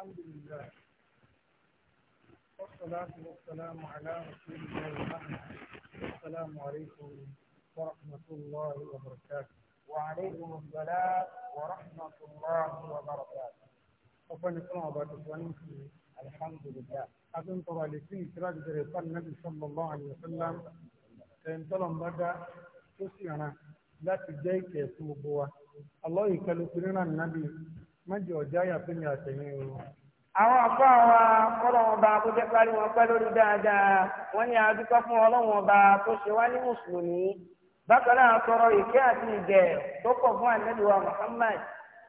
الحمد لله والصلاة والسلام على رسول الله محمد السلام عليكم ورحمة الله وبركاته وعليكم السلام ورحمة الله وبركاته وفن كما باتفن الحمد لله أفن طوالسين سراج دريطان النبي صلى الله عليه وسلم تنتلم بدا تسيانا لا تجيك يسوبوا الله يكالو كلنا النبي mọ́jọ ọ̀já yàtọ̀ ní àtẹ̀yìn o. àwọn afọ wa kọ́lọ̀ ọba bá kó parí wọn pẹ lórí dáadáa wọ́n ní adúpẹ́ fún ọlọ́wọ́n ọba tó ṣe wá ní mùsùlùmí bákan tọrọ ìké àti ìgẹ̀ tó pọ̀ fún Muhammad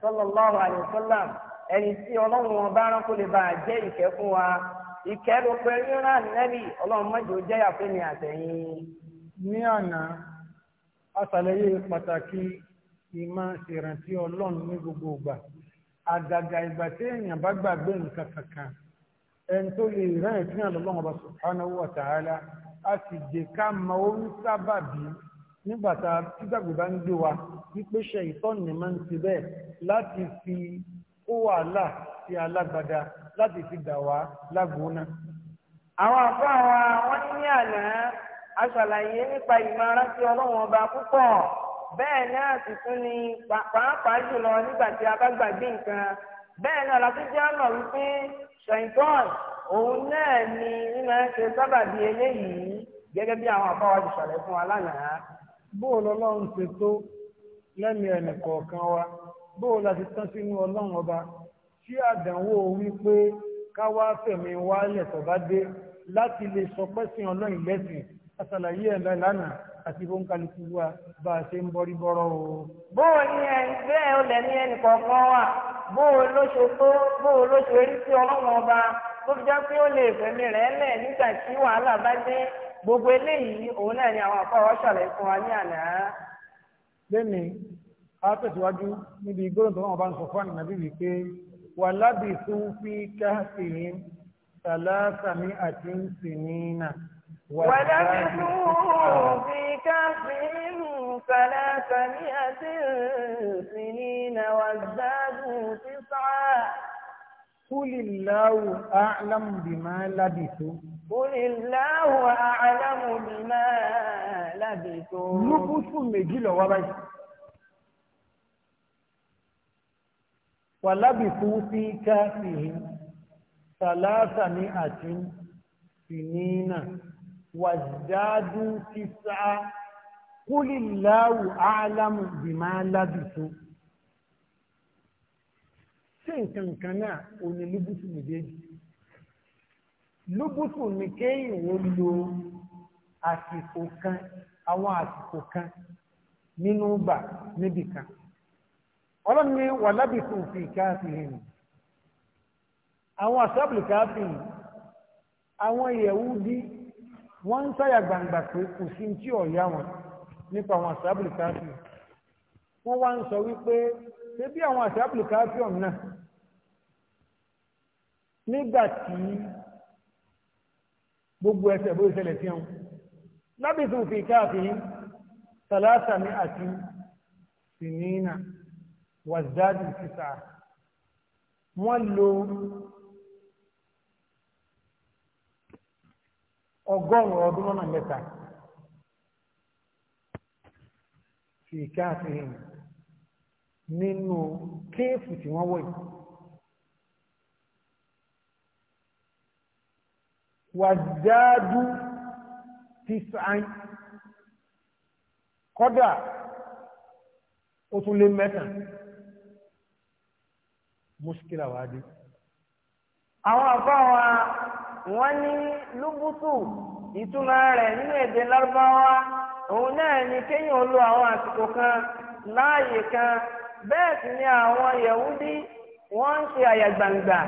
sallallahu alayhi wa ọba lè bá a jẹ́ fún wa ló àgàgà ìgbà tí èèyàn bá gbàgbé nǹkan kankan ẹni tó lè rán ìpín àlọ́lọ́wọ́ bá subhanahu wa ta'ala a sì jẹ ká mọ orí sábàbí nígbà tá tígbàgbé bá ń gbé wa wípé ìtọ́ni máa ń ti bẹ́ẹ̀ láti fi kó wàhálà sí alágbádá láti fi dà wá lágbóná. àwọn àfáà wa wọ́n ní àná aṣàlàyé nípa ìmọ̀ aránsẹ́ ọlọ́wọ́n ọba púpọ̀. bẹ́ẹ̀ náà sì tún ni pàápàá jùlọ nígbà tí a bá gbàgbé nǹkan bẹ́ẹ̀ náà láti ọ̀nà wípé ṣèǹtọ́n òun náà ni nínú ẹ̀ṣẹ̀ sábàbí eléyìí gẹ́gẹ́ bí àwọn àbáwá ti ṣàlẹ̀ fún wa lánàá. bóòlù ọlọ́run ṣe tó lẹ́mìí ẹnì kọ̀ọ̀kan wa bóòlù àti tán sínú ọlọ́run ọba tí àdánwò wípé káwá fẹ̀mí wálẹ̀ tó dé láti lè sọpẹ́ sí ọlọ́run lẹ́sìn àti bó ń kálukú wa bá a ṣe ń bọ́rí bọ́rọ́ o. bó o ní ẹ bẹ́ẹ̀ o lẹ̀ ní ẹnì kọ̀ọ̀kan wà bó o ló ṣe tó bó o ló ṣe rí sí ọlọ́run ọba tó fi jẹ́ pé ó lè fẹ̀mí rẹ̀ lẹ̀ nígbà tí wàhálà bá dé gbogbo eléyìí òun náà ni àwọn àkọ́wọ́ ṣàlàyé fún wa ní àná. lẹ́nu a tẹ̀síwájú níbi gbọ́dọ̀ tó wọn bá ń sọ fún ànàbí wípé wà lábì لكافرهم ثلاثمائة سنين وازدادوا تسعا قل الله أعلم بما لبثوا قل الله أعلم بما لبثوا نقص مجيل وبي ولبثوا في كافهم ثلاثمائة سنين wàdádú tísà قل الله bìmá بما ṣé nǹkan kan náà ò ní lúbùsù méjèèjì lúbùsù ní kéyìn ó lo àsìkò kan àwọn àsìkò kan nínú bà níbì kan ọlọ́run ní wà lábìsù fi káàfìhìn àwọn àṣàbùlù káàfìhìn àwọn Yẹ̀húdí wọ́n ń sáyà gbangba pé kò sí tí ọ̀yá wọn nípa àwọn àṣàbùlù káfíọ̀ wọ́n wá ń sọ wípé ṣé bí àwọn àṣàbùlù káfíọ̀ náà nígbà tí gbogbo ẹsẹ̀ bó ṣẹlẹ̀ sí wọn lábìsí òfin káàfin sàlásà ní àti sinina wàzádì sísà wọ́n lo ọgọ́rùn-ún ọdún lọ́nà mẹ́ta fi káàfihàn nínú kéèfù tí wọ́n wọ̀ yìí wàzádú tísàn kọ́dà ó tún lé mẹ́ta àwọn wọ́n ní lúbùtù ìtumọ̀ rẹ̀ nínú èdè lárúbáwá òun náà ni kéèyàn lo àwọn àsìkò kan láàyè kan bẹ́ẹ̀ sì ni àwọn yẹ̀wúdí wọ́n ń ṣe àyàgbàǹgbà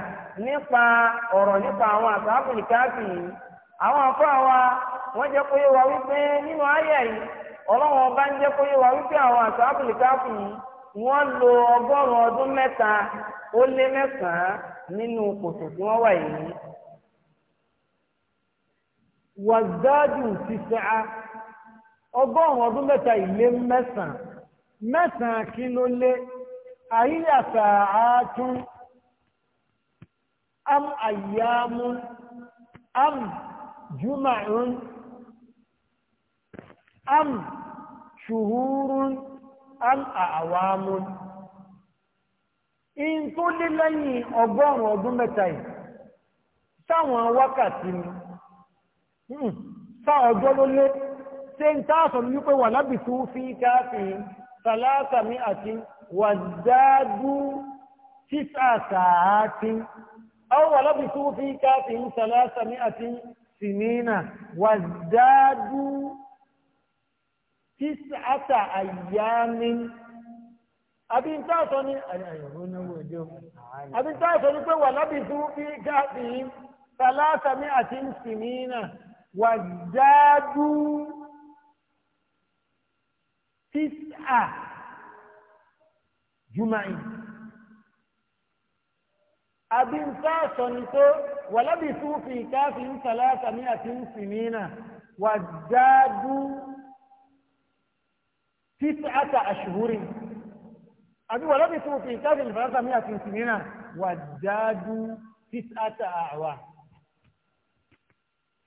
nípa ọ̀rọ̀ nípa àwọn àsáàbùlì káàfì yìí àwọn afọ àwa wọ́n jẹ́ kó yé wa wípé nínú ayé yìí ọlọ́run ọba ń jẹ́ kó yé wa wípé àwọn àsáàbùlì káàfì yìí wọ́n lo ọgọ́rùn-ún ọdún mẹ́ta ó lé mẹ́sàn-án nínú kòtò tí wọ́n wà yìí ti tìṣà ọgọ́rùn-ún ọdún mẹ́ta ilé mẹ́sàn-án mẹ́sàn-án kí ló lé àyíyàtà àátún am àyàmú am jùmọ̀ún am ṣùhúrún am àwàmú in tó lé lẹ́yìn ọgọ́rùn-ún ọdún mẹ́ta yìí sáwọn wákàtí ni Hmm. sáà ọjọ́ ló lé ṣé ń tá àṣọ wípé wà lábìtú fi káàfin sàlásàmí àti wàdádú tísà sàáàtì àwọn wà lábìtú fi káàfin sàlásàmí àti sinina wàdádú tísà àyàmí àbí ń tá àṣọ ní àbí ń tá àṣọ ní pé wà lábìtú fi káàfin sàlásàmí àti sinina wàjádú tísà jùmáì àbí ń fẹ́ sọ ní tó wàlábì fún fi káfí ń tàlátà ní àti ń sì nínà wàjádú tísà àṣùhúrì àbí wàlábì fún fi káfí ń ní àti ń sì nínà wàjádú àwà.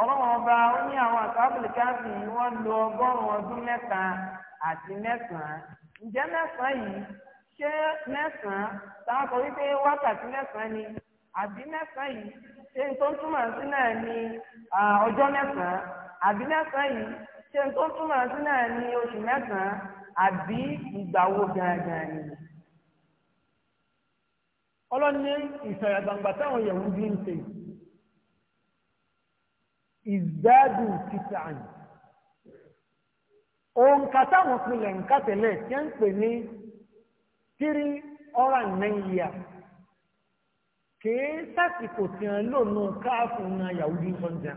ọlọ́wọ́n ọba ó ní àwọn àtàbùlì káfí wọ́n lo ọgọ́rùn-ún ọdún mẹ́ta àti mẹ́sàn-án ǹjẹ́ mẹ́sàn-án yìí ṣé mẹ́sàn-án táwọn sọ wípé wákàtí mẹ́sàn-án ni àbí mẹ́sàn-án yìí ṣé n tó túmọ̀ sí náà ni ọjọ́ mẹ́sàn-án àbí mẹ́sàn-án yìí ṣé n tó túmọ̀ sí náà ni oṣù mẹ́sàn-án àbí ìgbà wo gangan ni. ọlọ́ni ìfẹ̀yàgbàǹgbà táwọn yẹ̀wù bí ń ṣe ìzádù títàn òǹkà táwọn pinlẹ̀ ǹkà tẹ̀lẹ̀ tí ń pè ní three hundred and kìí sásìkò tí káàfù na yahudi sọ́njà.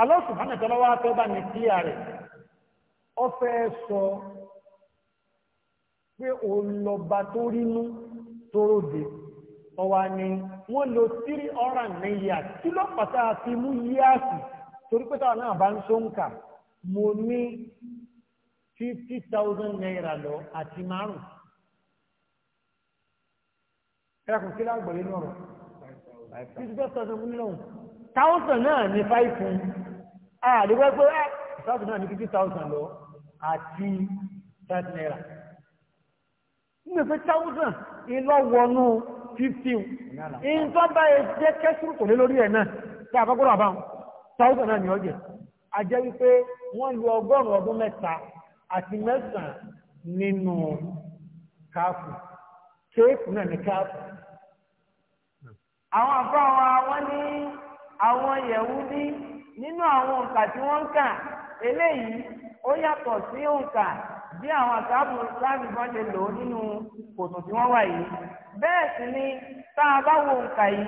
Allah subhanahu wa ta'ala wá bá ní rẹ̀ sọ pé òun tó rínú tó ròde ọwa ni. wọ́n lo three hundred and nine years kí ló pàtà fi mú yíyáàsì torí pé táwọn náà bá ń sọ́nkà mo ní fifty thousand naira lọ àti márùn. ẹ̀rọ kò kí lágbọ̀lé náà rọ̀ fifty thousand fún nílò thousand náà ní five fún àdìgbẹ́ pé ah, thousand náà ní fifty thousand lọ àti thirty naira. nígbà pé thousand ìlọ wọnú fifteen nǹkan báyìí jẹ́ kẹ́sùrù kò lé lórí ẹ̀ náà tí àkọ́kọ́rọ̀ àbáwọn thousand náà ni ọjẹ́ a jẹ́ wípé wọ́n lu ọgọ́rùn-ún ọdún mẹ́ta àti mẹ́sàn-án nínú káàfù kéèkù náà ní káàfù. àwọn àbáwọn àwọn ní àwọn Yẹ̀húdí nínú àwọn òǹkà tí wọ́n ń kà eléyìí ó yàtọ̀ sí òǹkà bí àwọn àtàbù láàbì bá ṣe lò ó nínú kòtò tí wọ́n wà yìí bẹ́ẹ̀ sì ni tá a bá wo nǹka yìí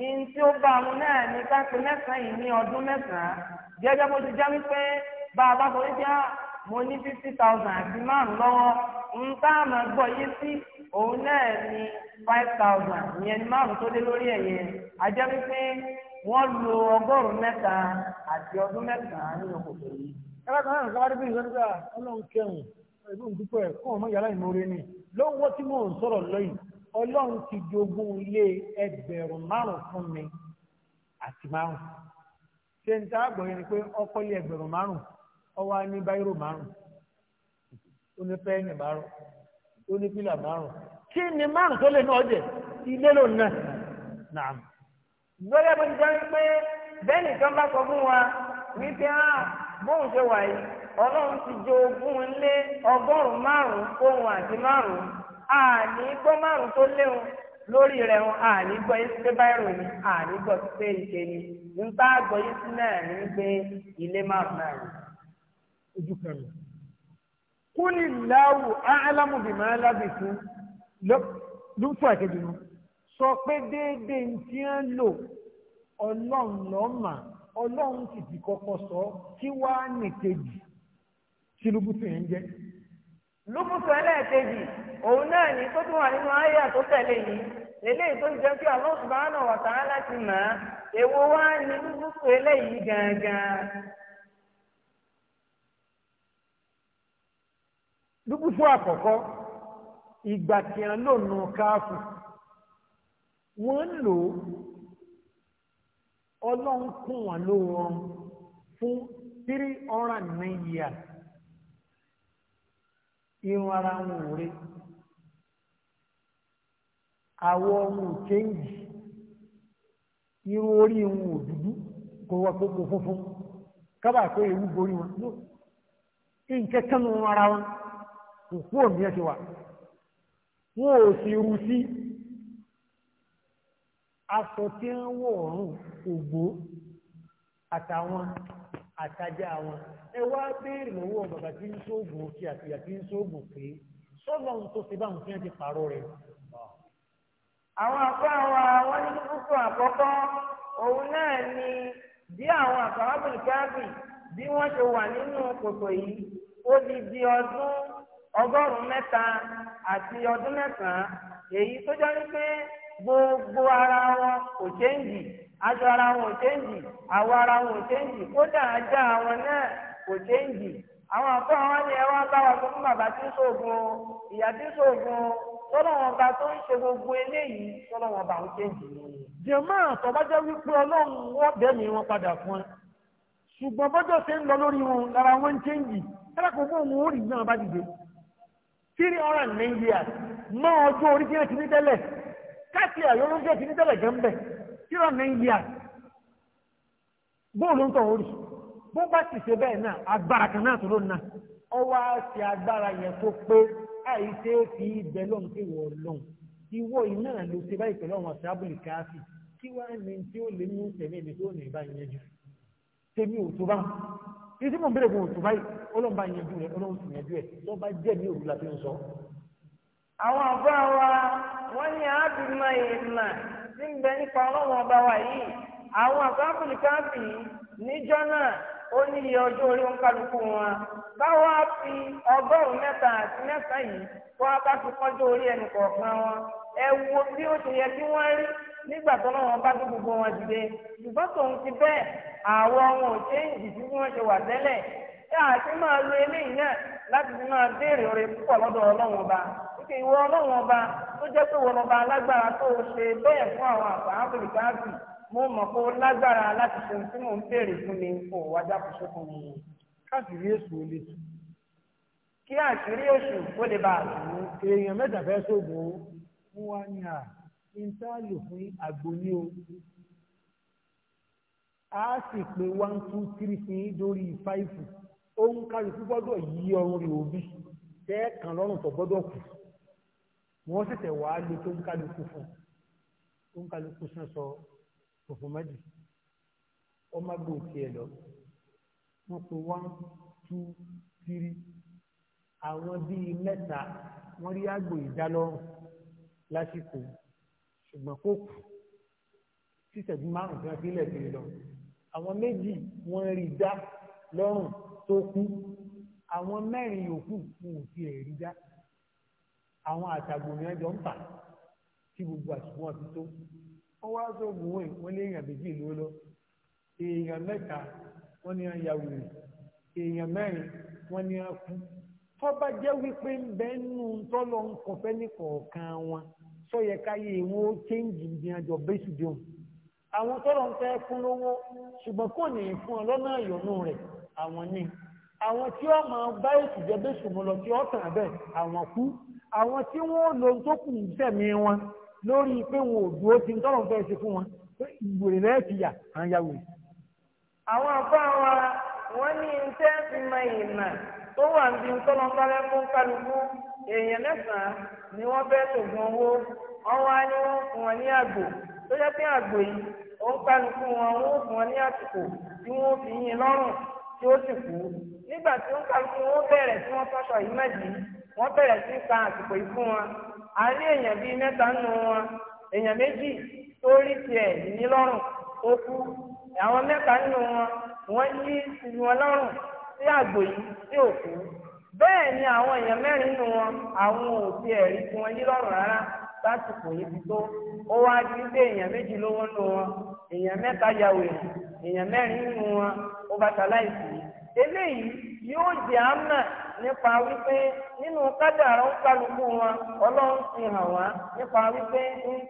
yìí tí ó bá mu náà ní káfí mẹ́sàn-án yìí ní ọdún mẹ́sàn-án gẹ́gẹ́ bó ti já wípé bá a bá sọ wípé ah, mo ní fifty thousand àti márùn lọ́wọ́ ń tá a máa gbọ́ yé sí òun náà ní five thousand ìyẹn ní márùn tó dé lórí ẹ̀yẹ a jẹ́ wípé wọ́n lo ọgọ́rùn-ún mẹ́ta àti ọdún mẹ́sàn-án nínú kòtò yìí. ẹ bá kan náà sọ́wọ́n ẹ̀bùn dúpẹ́ kó wọn mọ yàrá ìmúre ni lọ́wọ́ tí mò ń sọ̀rọ̀ lọ́yìn ọlọ́run ti jogún ilé ẹgbẹ̀rún márùn fún mi àti márùn ṣé n ta àgbọ̀ yẹn ni pé ọkọ ẹgbẹ̀rún márùn ọwọ́ á ní báírò márùn ó ní pẹ́ẹ́nì márùn ó ní pílà márùn kí ni márùn tó lè náà jẹ ilé ló ná náà ti pé bẹ́ẹ̀ nìkan bá sọ fún wa wípé ah, bóun ṣe wà ọlọ́run ti jẹ ogún lé ọgọ́rùn-ún márùn-ún ohun àti márùn-ún àní gbọ́ márùn-ún tó léwu lórí rẹ̀ wọn àní gbọ́ yín pé báyìí ni àní gbọ́ pé ìṣe ni ń bá gbọ́ yín sí náà ní pé ilé márùn-ún náà ni. ojú kan rẹ̀ kúni láwù álámù bìmọ̀ alábìsí ló fún àkejì wọn sọ pé déédéé ń ń lò ọlọ́run lọ́mà ọlọ́run sì ti kọ́kọ́ sọ kí wàá nìkejì. kí lóbùtù yẹn jẹ? lóbùtù ẹlẹ́ẹ̀kejì òun náà ní tó tún wà nínú yìí eléyìí tó jẹ́ kí Allah subhanahu wa ta'ala ti mọ̀ ọ́ èwo wá ní lóbùtù eléyìí gangan. àkọ́kọ́ ìgbà a lò káàfù wọ́n wọn fún three hundred and irun ara nwụrụ ò rí àwọ̀ wọn ò kéńjì irun orí wọn kò funfun kábà pé ewu borí wọn ló nǹkan kánú ara wọn kò kú òmí ti àtajà wọn ẹ wá béèrè lọ́wọ́ bàbá tí ń sóògùn òkè àti ìyá tí ń sóògùn pé sọ́nà tó ṣe báwọn fíjọ́ ti pààrọ̀ rẹ̀. àwọn àpá wa wọn ní àkọ́kọ́ òun náà ni bí àwọn káàbì bí wọ́n ṣe wà nínú kòtò yìí ó di di ọdún gbogbo ara wọn kò aṣọ ara wọn ò ṣéǹjì àwọ̀ ara wọn ò ṣéǹjì kódà ajá àwọn náà kò ṣéǹjì àwọn àpò àwọn ni ẹ wá bá wa sọ fún bàbá tí ń ṣoògùn ìyá tí ń ṣoògùn tọ́lọ́wọ́n ba tó ń ṣe gbogbo eléyìí tọ́lọ́wọ́n ń ṣéǹjì ni. jẹ̀mọ́ àtọ́bájá wípé ọlọ́run wọ́n wọn padà fún ẹ ṣùgbọ́n bọ́jọ́ ṣe ń lọ lórí wọn lára wọn ń ṣéǹjì òun rí tíra nine years bóòlù ń tọ̀ orí bó bá ti ṣe bẹ́ẹ̀ náà agbára kan náà tó ló ná ọwọ́ á ṣe agbára yẹn tó pé àìṣe fi ibẹ̀ lọ́n pé wọ́n lọ́n ìwọ iná ló ṣe báyìí pẹ̀lú àwọn sábùlì káàfì kí wàá ní tí ó lè mú tẹ̀lé ibi tó ní ìbáyìí yẹn jù tèmi ò tó bá wọn títí mò ń bèrè fún òtún báyìí ọlọ́run bá yanjú rẹ ọlọ́run sì yanjú ẹ lọ́ọ́ bá jẹ́ mi òrùlà tó ń sọ. àwọn àbúrò wa wọ́n ní àádùn náà ti ń bẹ nípa ọlọ́run ọba wa yìí àwọn àkáfìlì káàfì níjọ́ náà ó ní iye ọjọ́ orí wọn kálukú wọn fi ọgọ́rùn-ún mẹ́ta àti mẹ́ta yìí kó a bá fi orí ẹnì kọ̀ọ̀kan wọn ẹ wo bí ó ti yẹ kí wọ́n rí nígbà tó bá gbogbo wọn dìde ṣùgbọ́n tòun ti bẹ́ẹ̀ bí wọ́n ṣe wà tẹ́lẹ̀ máa lo eléyìí náà láti fi máa béèrè púpọ̀ ọba pé ìwọ ọlọ́run ọba tó jẹ́ pé ìwọ ọba alágbára tó o ṣe bẹ́ẹ̀ fún àwọn àfàáfìlì káàbì mo mọ̀ pé ó lágbára láti ṣe ohun tí mò ń béèrè fún mi kò wájà kó ṣe fún mi. káàkiri èṣù ò lè tù. kí àṣírí èṣù kó lè bá a tù. èèyàn mẹ́ta fẹ́ sóògùn o fún wa ní à ń tá a lò fún àgbo ní o. a sì pé one two three fún yín lórí fáìfù ó ń kálukú gbọ́dọ̀ yí ọrùn rẹ̀ òbí tẹ́ kàn lọ́rùn tó gbọ́dọ̀ kù wọ́n ṣẹ̀ṣẹ̀ wà á lo tó ń kálukú fún tó ń kálukú sàn sọ fòfò mẹ́jì ọmọ gbòò tiẹ̀ lọ wọ́n pe one two three àwọn bíi mẹ́ta wọ́n rí àgbò ìdálọ́rùn lásìkò ṣùgbọ́n kó kù sísẹ̀dí márùn tí wọ́n fi lẹ̀ kiri lọ àwọn méjì wọ́n rí dá lọ́rùn tó kú àwọn mẹ́rin yòókù kù ò tiẹ̀ rí dá àwọn àtàgùn yẹn jọ ń tà tí gbogbo àsìkò wọn ti tó wọn wá sóògùn wọn wọn lé èèyàn méjì ló lọ èèyàn mẹ́ta wọn ni wọn ya wèrè èèyàn mẹ́rin wọn ni wọn kú tó bá jẹ́ wípé ń bẹ nù tọlọ ń kọfẹ ní kọ̀ọ̀kan wọn sọyẹ káyé wọn ó chéǹjì ìdíyànjọ bẹsù dùn àwọn tọrọ ń fẹ́ fún lówó ṣùgbọ́n kò ní fún ọ lọ́nà ìyọnu rẹ̀ àwọn ní àwọn tí wọn máa bá èsì jẹ bẹsù mọ lọ tí wọn tàn bẹ́ẹ̀ àwọn kú àwọn tí wọ́n lo tó kù sẹ̀mí wọn lórí pé wọn ò dúró ti ń tọ́lọ̀ fẹ́ ṣe fún wọn pé ìgbòrè lẹ́ẹ̀ ti yà á ń yàwó. àwọn àbá wa wọ́n ní iṣẹ́ ti mọ ìmọ̀ tó wà ní tọ́lọ̀ fẹ́rẹ́ fún kálukú èèyàn mẹ́sàn-án ni wọ́n fẹ́ ṣògùn owó ọwọ́ á ní wọ́n fún wọn ní àgbò tó jẹ́ pé àgbò yìí òun kálukú wọn wọ́n fún wọn ní àsìkò tí wọ́n fi yín lọ́rùn tí ó sì kú nígbà tí òun kálukú wọn bẹ̀rẹ̀ tí wọ́n fọ́ṣọ wọ́n bẹ̀rẹ̀ sí ka àsìkò yìí fún wọn a rí èèyàn bíi mẹta nù wọn èèyàn méjì tó rí tiẹ̀ nílọ́rùn tó kú àwọn mẹta nù wọn wọ́n yí sinmi wọn lọ́rùn sí àgbò yìí sí òkú ya èèyàn nípa wípé nínú kádàrá kálukú ọlọ́run ti hàn wá nípa wípé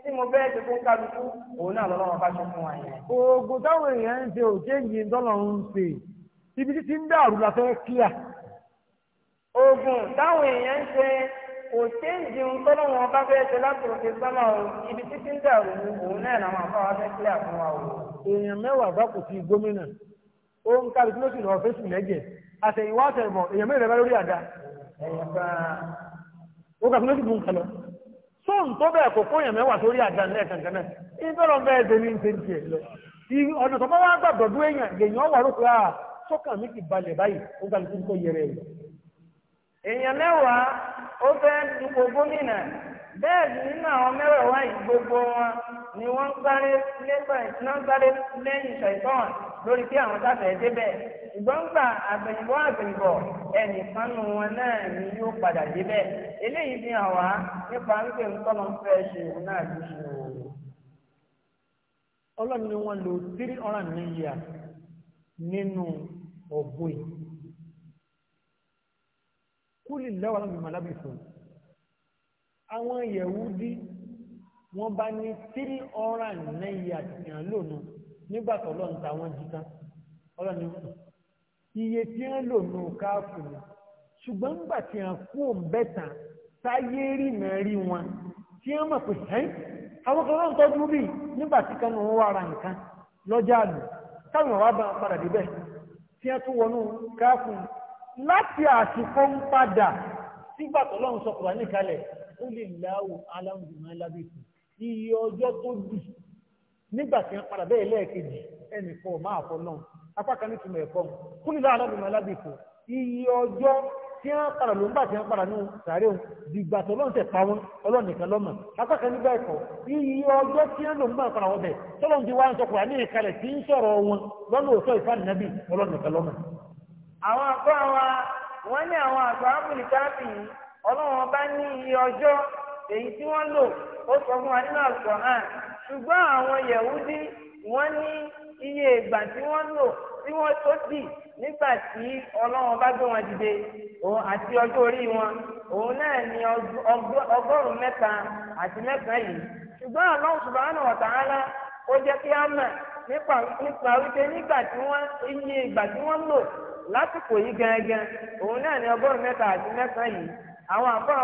tí mo bẹ́ẹ̀ ti fún kálukú òun náà lọ́lọ́run bá ṣe fún wa yẹn. oògùn táwọn èèyàn ń ṣe ń ṣe ibi títí ń dàrú la fẹ́ oògùn táwọn èèyàn ń ṣe ń wọn bá fẹ́ ibi títí ń dàrú òun náà làwọn fẹ́ fún wa èèyàn mẹ́wàá àtẹ̀yìnwá àtẹ̀yìnbọ̀ èèyàn mẹ́rin rẹ̀ lórí àga ó kà fún lójú bùn kan lọ sóun tó bẹ́ẹ̀ kò kó èèyàn mẹ́wàá sórí àga ńlẹ̀ kankan náà ìbẹ̀rọ̀ bẹ́ẹ̀ ṣe ní ṣe ń tiẹ̀ lọ ọ̀nà tó bá wá gbàgbọ́ dún èèyàn lèèyàn wà lóko à sọ́kàn mi sì nínú àwọn mẹ́wàá wáyé gbogbo wọn ni wọ́n sáré lẹ́yìn ṣàìtọ́n lórí pé àwọn sáfẹ́ débẹ̀ ìgbọ́ngbà àgbẹ̀yìnbó àgbẹ̀yìnbọ̀ ẹnìkan nù wọn náà ni yóò padà débẹ̀ eléyìí fi hàn wá nípa wípé nǹkan ló ń fẹ́ ṣe òun náà ti ṣe o. ọlọ́run ni wọ́n lo three hundred million nínú ọ̀gbìn yìí kúlì lọ́wọ́ lọ́wọ́ ìmọ̀ lábìsọ̀ àwọn Yẹ̀wúdí wọ́n bá ní three hundred million lónìí nígbà tó lọ́n ta wọ́n jí tán ọlọ́ni wọ́n iye tí wọ́n lò nù káàfù ni ṣùgbọ́n nígbà tí wọ́n kú òǹbẹ́ tán táyé rí mẹ́rí wọn tí wọ́n mọ̀ pé ṣẹ́yìn àwọn kan lọ́n tọ́jú rí nígbà tí kan wọ́n wá ra nǹkan lọ́jà àlù táwọn wá bá padà débẹ̀ tí wọ́n tún wọnú káàfù láti àsìkò ń padà sígbà tó lọ́n sọ kùránì ó lè láwò aláǹdùmọ́ iye ọjọ́ tó dùn nígbà tí wọ́n padà bẹ́ẹ̀ lẹ́ẹ̀kejì ẹnì kan ò máa fọ́ náà apá kan ní túmọ̀ ẹ̀kọ́ kúnlẹ̀ alábìmọ̀ alábìkù iye ọjọ́ tí wọ́n padà ló ń bà tí padà ní sàárè òun dìgbà tó lọ́n tẹ̀ pa wọn apá kan nígbà ẹ̀kọ́ iye ọjọ́ tí ló ń ti wá sọkùnrin ṣùgbọ́n àwọn yẹ̀wúdí wọ́n ní iye ìgbà tí wọ́n tó dì nígbà ọlọ́run bá gbé wọn dìde àti ọjọ́ orí wọn òun náà ní ọgọ́rùn-ún mẹ́ta àti mẹ́ta yìí ṣùgbọ́n wa ó jẹ́ kí á mọ̀ nípa wípé nígbà tí wọ́n iye ìgbà tí wọ́n lò lásìkò yìí gangan òun náà ní ọgọ́rùn-ún mẹ́ta àti mẹ́ta yìí àwọn àbọ̀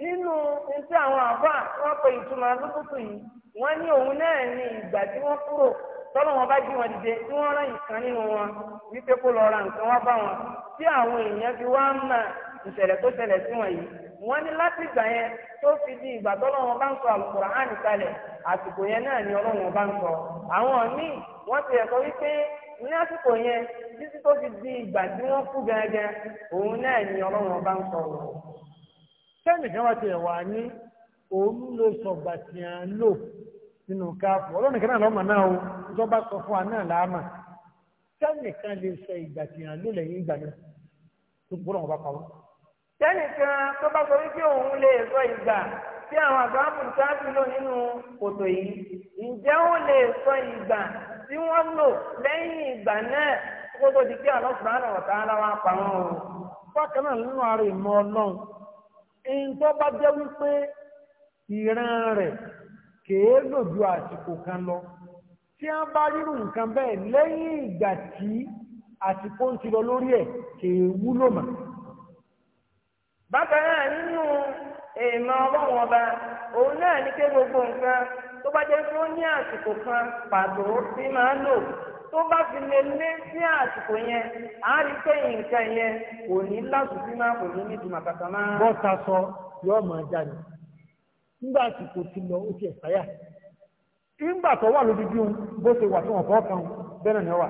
nínú ntí àwọn àbá wọn pe ìtumọ̀ lókùtù yìí wọn ní òun náà ní ìgbà tí wọn kúrò tọ́lọ́ wọn bá jí wọn dìde tí wọ́n nínú wọn wípé kó lọ ra nǹkan wá bá wọn tí àwọn èèyàn fi wá ń mọ ìṣẹ̀lẹ̀ tó ṣẹlẹ̀ sí wọn yìí ní láti ìgbà yẹn tó fi di ìgbà tọ́lọ́ wọn bá ń sọ náà ni ọlọ́run wọn bá àwọn míì wọ́n ti ẹ̀kọ́ wípé ní àsìkò yẹn fi di ìgbà tí wọ́n kú gẹ́gẹ́ òun sẹ́nìkan wá tiẹ̀ ní òun lò nínú ọlọ́nìkan náà o tó bá sọ fún wa náà le sẹ́nìkan lè sọ ìgbà lò lẹ́yìn ìgbà náà tó gbọ́dọ̀ wọn bá pa tó bá sọ wípé òun lè sọ ìgbà tí àwọn àgbàmù sáájú lò nínú kòtò yìí ǹjẹ́ ó sọ ìgbà tí wọ́n lò lẹ́yìn ìgbà náà kó di pé àlọ́ ẹni tó bá jẹ́ wípé ìran rẹ̀ kèé lò ju àsìkò kan lọ tí a bá rírù nǹkan bẹ́ẹ̀ lẹ́yìn ìgbà tí àsìkò ń ti lọ lórí ẹ̀ kèé wúlò mà. bákan náà nínú èèmọ̀ ọlọ́run ọba òun náà ní ké gbogbo nǹkan tó bá jẹ́ pé ní àsìkò kan pàtó tí máa lò tó bá fi lè lé sí àsìkò yẹn nke rí onye nǹkan yẹn kò ní lásùsí máa kò ní nítumọ̀ kàkà máa. bọ́ta sọ yóò máa jáde nígbà tí kò ti lọ ó ti ẹ̀ sáyà nígbà tó wà lójú bó ṣe wà wọn ni wà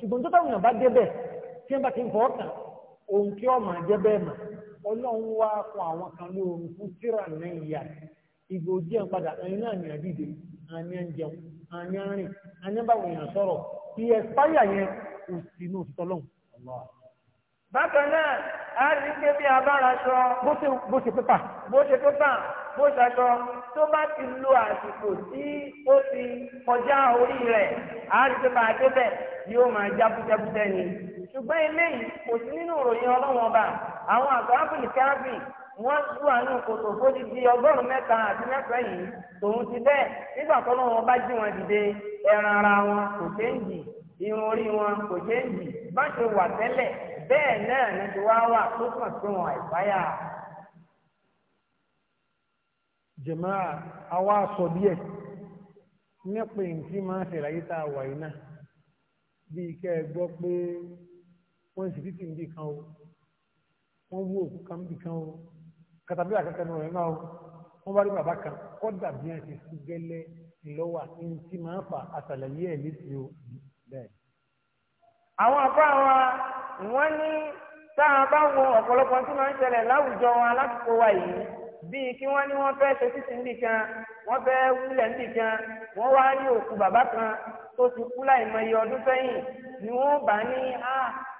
ṣùgbọ́n tó táwọn bá tí wọ́n bá ti ń ohun tí jẹ́ bẹ́ẹ̀ mà ọlọ́run wá fún àwọn kan ní fún náà ìyá padà bí ẹ̀spáyà yẹn kò sí inú òtítọ́ lọ́hùn. bákan náà a rí pé bí a bára sọ. bó ṣe bó ṣe pépà. bó ṣe pépà bó ṣaṣọ tó bá ti lo àsìkò tí ó ti kọjá orí rẹ̀ a rí pé bá a débẹ̀ yóò máa já bútẹ́bútẹ́ ni. ṣùgbọ́n eléyìí kò sí nínú ìròyìn ọlọ́wọ́n ọba àwọn àgbà ábùlì káàbì wọ́n lù àwọn kòtò di ọgọ́rùn-ún mẹ́ta àti mẹ́fẹ́ yìí tòun ti bẹ́ẹ̀ nígbà tó lọ́wọ́ bá jí wọn dìde ẹran ara wọn kò séǹjì irun wọn kò bá ṣe wà tẹ́lẹ̀ bẹ́ẹ̀ náà ni ti wà tó àìfáyà. jẹ̀mọ́ àwa sọ nípa ìǹtí máa ń yìí náà bíi kẹ́ ẹ gbọ́ kan o wọ́n wú òkú kan kan o. kàtàbí àkẹ́kẹ́ nù rẹ̀ náà wọ́n bá rí bàbá kan kọ́dà bí wọ́n ti fi gẹ́lẹ́ ìlọ́wà ní ti máa ń fa àtàlẹ́yé o bẹ́ẹ̀. àwọn àbá wa wọ́n ní tá a bá wo ọ̀pọ̀lọpọ̀ tí máa ń ṣẹlẹ̀ láwùjọ wa lásìkò wa yìí bíi kí wọ́n ní wọ́n fẹ́ ṣe títí níbì kan wọ́n fẹ́ wúlẹ̀ níbì kan wọ́n wá rí òkú bàbá kan tó ti kú láìmọye ọdún sẹ́yìn ni wọ́n bá ní ah,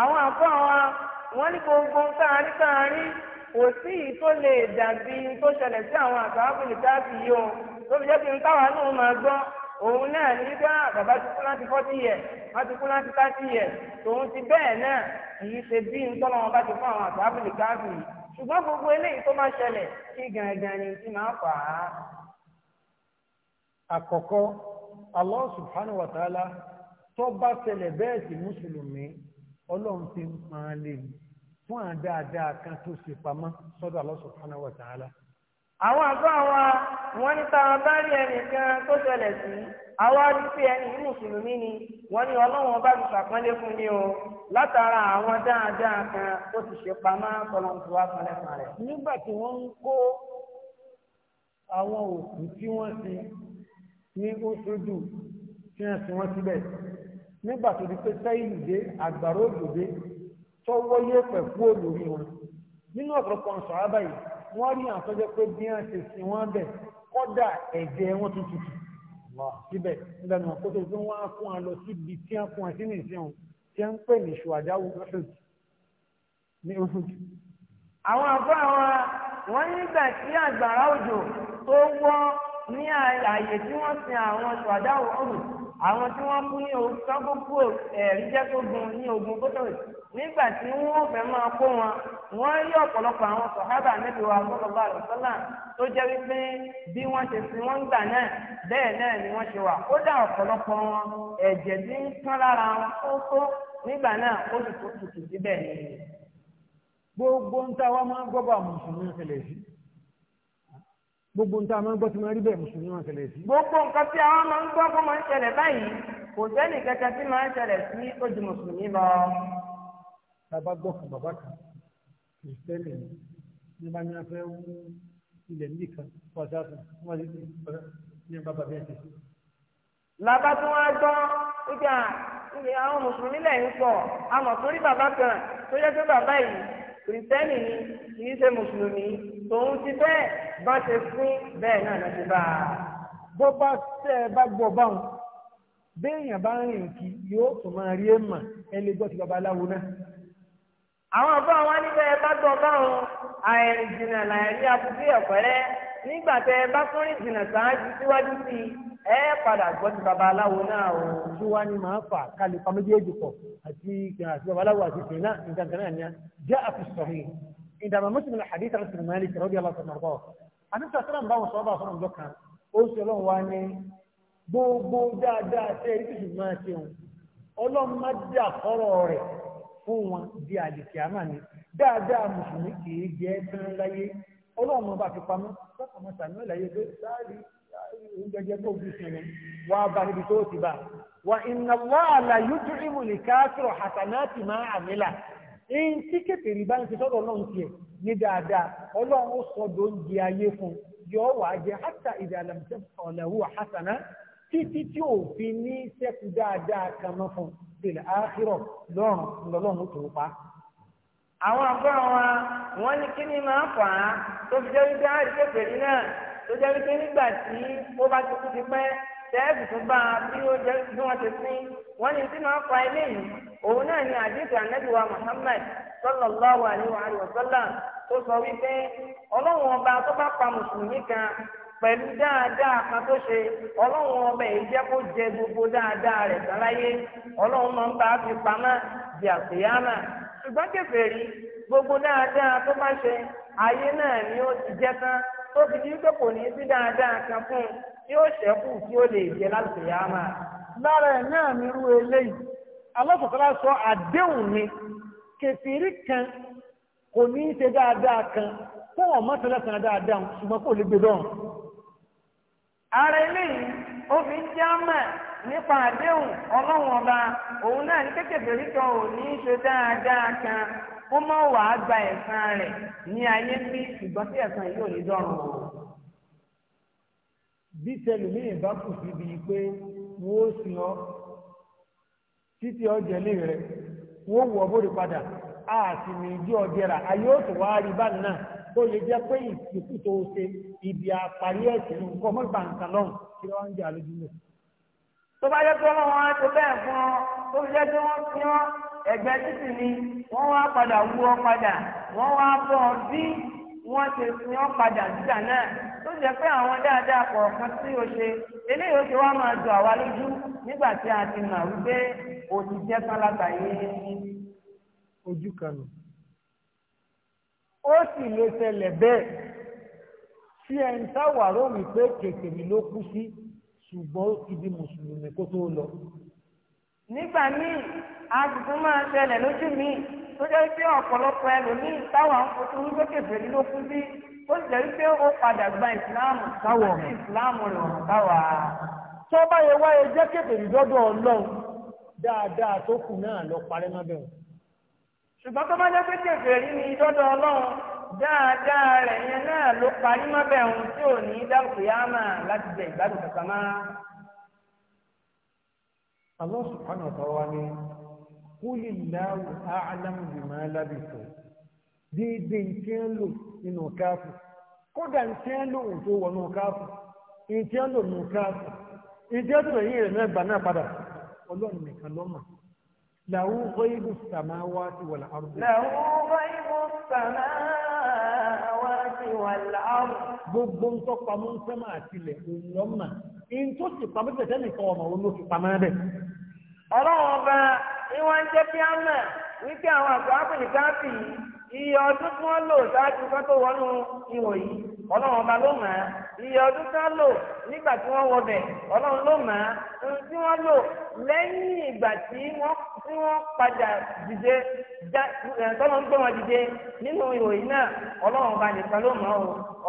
àwọn àpò àwọn wọn ní gbogbo káàrí káàrí kò sí yìí tó lè dàbí tó ṣẹlẹ̀ sí àwọn àgbàbọ̀lì káàbì yìí o tó fi jẹ́ kí n táwa náà máa gbọ́ òun náà ní bá ah, bàbá ti kú láti forty years wọ́n ti kú láti thirty years tòun ti bẹ́ẹ̀ náà kìí ṣe bí ntọ́nà wọn bá ti fún àwọn àgbàbọ̀lì káàbì yìí ṣùgbọ́n gbogbo eléyìí tó máa ṣẹlẹ̀ kí gangan ni ti máa fà á. àkọ́kọ́ Allah subhanahu wa ta'ala tó bá ṣẹlẹ̀ bẹ́ẹ̀ sí mùsùlùmí ọlọ́run ti ń pọn lè mú fún àdáadáa kan tó ṣe pamọ́ sọ́dọ̀ Allah subhanahu wa ta'ala. àwọn àbá wa wọn ní táwọn bá rí ẹnìkan tó ṣẹlẹ̀ sí àwa rí pé ẹni yìí mùsùlùmí ni wọn ní ọlọ́run ọba ti ṣàpọ́nlé fún ni o látara àwọn dáadáa kan tó ti ṣe pamọ́ kọlọ́ǹtì wa kan lẹ́sàn rẹ̀. nígbà tí wọ́n ń kó àwọn òkú tí wọ́n ti ní ó ṣojú tí wọ́n ti wọ́n nígbà tó di pé sẹ́yìn dé àgbàrá òdòdó tọwọ́ yé pẹ̀ kú olórí wọn nínú ọ̀pọ̀lọpọ̀ ọ̀sán àbá yìí wọ́n rí àwọn tọ́jọ́ pé bí wọ́n ṣe sin wọ́n bẹ̀ kọ́dà ẹ̀jẹ̀ wọn tún tutù síbẹ̀ nígbà tí wọ́n kó tó pé wọ́n á fún wọn lọ síbi tí wọ́n fún wọn sínú ìsìn tí wọ́n ń pè ní ṣùwàdáwù ní Uhud. àwọn àbá wa wọ́n nígbà tí àgbàrá òjò tó wọ́ ní àyè tí wọ́n sin àwọn ṣùwàdáwù Uhud àwọn tí wọ́n kú ní ogun kókó ẹ̀rí jẹ́ tó gun ní ogun kótó nígbà tí wọ́n fẹ́ máa kó wọn wọ́n rí ọ̀pọ̀lọpọ̀ àwọn sọ̀hábà níbi wa gbọ́dọ̀gbà àlùsọ́là tó jẹ́ wípé bí wọ́n ṣe fi wọ́n gbà náà bẹ́ẹ̀ náà ni wọ́n ṣe wà kódà ọ̀pọ̀lọpọ̀ wọn ẹ̀jẹ̀ tí ń tán lára wọn tó tó nígbà náà ó sì tó tutù síbẹ̀ ni. gbogbo ń ta wá máa ń gbọ́ bá mùsùlùmí ṣẹlẹ̀ sí gbogbo nǹkan máa ń gbọ́ tí máa rí bẹ́ẹ̀ mùsùlùmí máa ṣẹlẹ̀ sí. gbogbo nǹkan tí àwọn máa ń gbọ́ kó máa ń ṣẹlẹ̀ báyìí kò sẹ́nì kankan tí máa ń ṣẹlẹ̀ sí ojú mùsùlùmí lọ. bàbá gbọ́ kan bàbá kan kìrìsìtẹ́nì ní bá ní a fẹ́ wú ilẹ̀ níbi kan pàṣásùn wọ́n ti ní bàbá bẹ́ẹ̀ ti. làbá tí wọ́n á gbọ́ ìgbà àwọn mùsùlùmí lẹ́yìn pọ̀ àmọ̀ torí bàbá kan tó yẹ kí bàbá yìí kìrìsìtẹ́nì ni kì í ṣe mùsùlùmí tòun ti bẹ́ẹ̀ bá ṣe pín bẹ́ẹ̀ náà lọ bá a. bó bá tẹ́ ẹ bá gbọ́ báwọn béèyàn bá ń rìn kí yóò tún máa rí gbọ́ ti babaláwo náà. àwọn ọ̀bá wa níbẹ̀ bá gbọ́ báwọn àìrìn jìnnà ọ̀pẹ́rẹ́ nígbà bá tún rìn jìnnà sáájú síwájú sí i ẹ padà gbọ́ ti náà o tí wàá عندما مسلم الحديث عن ابن مالك رضي الله عنه وارضاه àní sàtúrà ń bá wọn sọ́ọ́bà fún ọjọ́ kan ó ń sọlọ́ wa ní gbogbo dáadáa tẹ́ ẹ ní ṣùgbọ́n máa ṣeun ọlọ́run má dà kọ́rọ̀ rẹ̀ fún wọn di àdìsí àmà ni dáadáa mùsùlùmí kì í jẹ́ tán láyé ọlọ́run ọba fi pamọ́ sọ́kàn mọ́ sàmì ìlàyé pé sáàrì oúnjẹ jẹ́ tó bí sinmi wà á bá níbi tó ti bá wà inna Allaha la yut'imu al-kafira hasanati ma amila èyí tí kékeré bá ń ṣe sọ́dọ̀ ọlọ́run tiẹ̀ ní dáadáa ọlọ́run ó sọ dóúnjẹ ayé fún yọ wà á jẹ hátà ìdá àlàmùsẹ́ ọ̀làwù àhásánà títí tí òfin ní sẹ́kù dáadáa kan mọ́ fún tìlẹ̀ áhírọ̀ lọ́rùn lọ́lọ́run tó pa. àwọn àbúrò wa wọn ní kí ni máa fà á tó fi jẹ́ wípé àárí kékeré náà tó jẹ́ wípé nígbà tí ó bá ti kú ti pẹ́ tẹ́ẹ̀bù òun náà ni àdìsí anábìwá Muhammad sallallahu alayhi wa sallam tó sọ wípé ọlọ́run ọba tó bá pa mùsùlùmí kan pẹ̀lú dáadáa kan tó ṣe ọlọ́run ọba yìí jẹ́ kó jẹ gbogbo dáadáa rẹ̀ sáláyé ọlọ́run máa ń bá a fi pamọ́ di àṣeyámà ṣùgbọ́n gbogbo dáadáa tó bá ṣe ayé náà ni ó ti jẹ́ tán tó fi di fún un tí ó ṣẹ́kù tí ó lè jẹ láṣeyámà. lára ẹ̀ náà nírú eléyìí alásọ̀tàlá sọ àdéhùn ni kẹfìrí kan kò ní í ṣe kan fún ọmọ tẹlẹsàn dáadáa ṣùgbọ́n kò lè gbé ara eléyìí ó fi ń já nípa àdéhùn ọlọ́run ọba òun náà ní kan ò ní í kan ó mọ̀ gba ẹ̀san rẹ̀ ní ayé bí ṣùgbọ́n tí ẹ̀san yìí bí tẹlifíìn bá kù síbi pé wọ́n títí ọjọọ ilé rẹ̀ wọ́n wọ̀ bóde padà sì ní ìjọ ọjẹ́ra ayé ó tó wá rí báyìí náà tó lè jẹ́ pé ìsìnkú tó ṣe ibi àparí ẹ̀sìn ní nǹkan mọ́gbà nǹkan lọ́hùn kí wọ́n ń fún ọ tó fi fi wá padà wú ọ padà wọn wá ọ bí wọ́n ṣe fi wọ́n padà síta náà tó jẹ́ pé àwọn dáadáa kọ̀ọ̀kan tí o ṣe eléyìí ó ṣe wá máa jọ àwa lójú nígbà tí a ti mọ̀ wípé òṣìṣẹ́ tán látàyè. ojú kanù. ó sì lè ṣẹlẹ̀ bẹ́ẹ̀ tí ẹ̀ ń táwàrọ̀ wípé kèkèrè ló kú sí ṣùgbọ́n ibi mùsùlùmí kó tó lọ nígbà míì a sì tún máa ṣẹlẹ̀ lójú mi tó jẹ́ pé ọ̀pọ̀lọpọ̀ ẹlòmíì táwọn ń fojú orí lókè fèrè ló kú sí ó sì jẹ́ pé ó padà gba ìsìláàmù káwọ̀ ìsìláàmù rẹ̀ ọ̀rọ̀ káwà. tó bá yẹ wáyé jẹ́ kébèrè lọ́dọ̀ ọlọ́run dáadáa tó kù náà lọ parẹ́ má bẹ̀rù. ṣùgbọ́n tó bá jẹ́ pé kébèrè ni lọ́dọ̀ ọlọ́run dáadáa rẹ̀ yẹn náà ló parí má bẹ̀rù tí ò ní dàrú Allah subhanahu wa ta'ala ni kúlì láwù áàlámù bí máa lábìsọ̀ déédé tí ń lò nínú káàfù kódà tí ń lò òun tó wọnú káàfù ìtí ń lò nínú káàfù ìtí ń lò yìí rẹ̀ mẹ́gbà náà padà ọlọ́run nìkan lọ́mà làwù gbẹ́yìbù sàmá wá sí wàlà àrùn. làwù gbẹ́yìbù gbogbo ń tọ́ pamọ́ ń sẹ́mà àtìlẹ̀ òun lọ́mà ìyẹn tó sì pamọ́ tẹ̀sẹ̀ nìkan ọmọ òun ló ọlọ́wọ́n ọba ìwọ̀n ń jẹ́ kí wípé àwọn àgbàápù nìkan iye ọdún tí wọ́n lò ṣáájú kan tó wọnú ihò yìí ọlọ́run ọba ló mọ̀ ẹ́ iye ọdún tí wọ́n lò nígbà tí wọ́n wọbẹ̀ ọlọ́run ló mọ̀ ẹ́ ohun tí wọ́n lò lẹ́yìn ọlọ́run ló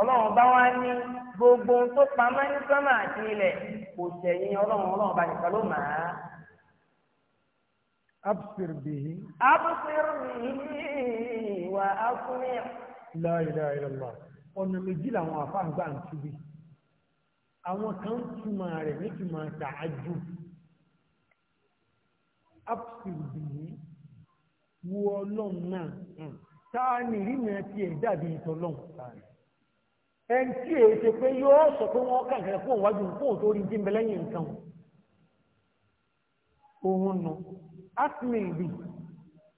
mọ̀ ọ́ wá ní gbogbo ohun tó pamọ́ ní sọ́mà àti ilẹ̀ kò أبصر به أبصر به وأسمع لا إله إلا الله ọ̀nà méjì làwọn àfáà gbà ń túbi àwọn kan túmọ̀ rẹ̀ ní túmọ̀ tààjú absir bìí wo ọlọ́run náà táà ní ìrìnà tí ẹ̀ dàbí ìtọ́lọ́run ẹn tí èyí ṣe pé yóò sọ pé wọ́n kàn kẹ́kẹ́ fún òwájú fún òtórí jíǹbẹ̀ lẹ́yìn nǹkan òun nù asmin bi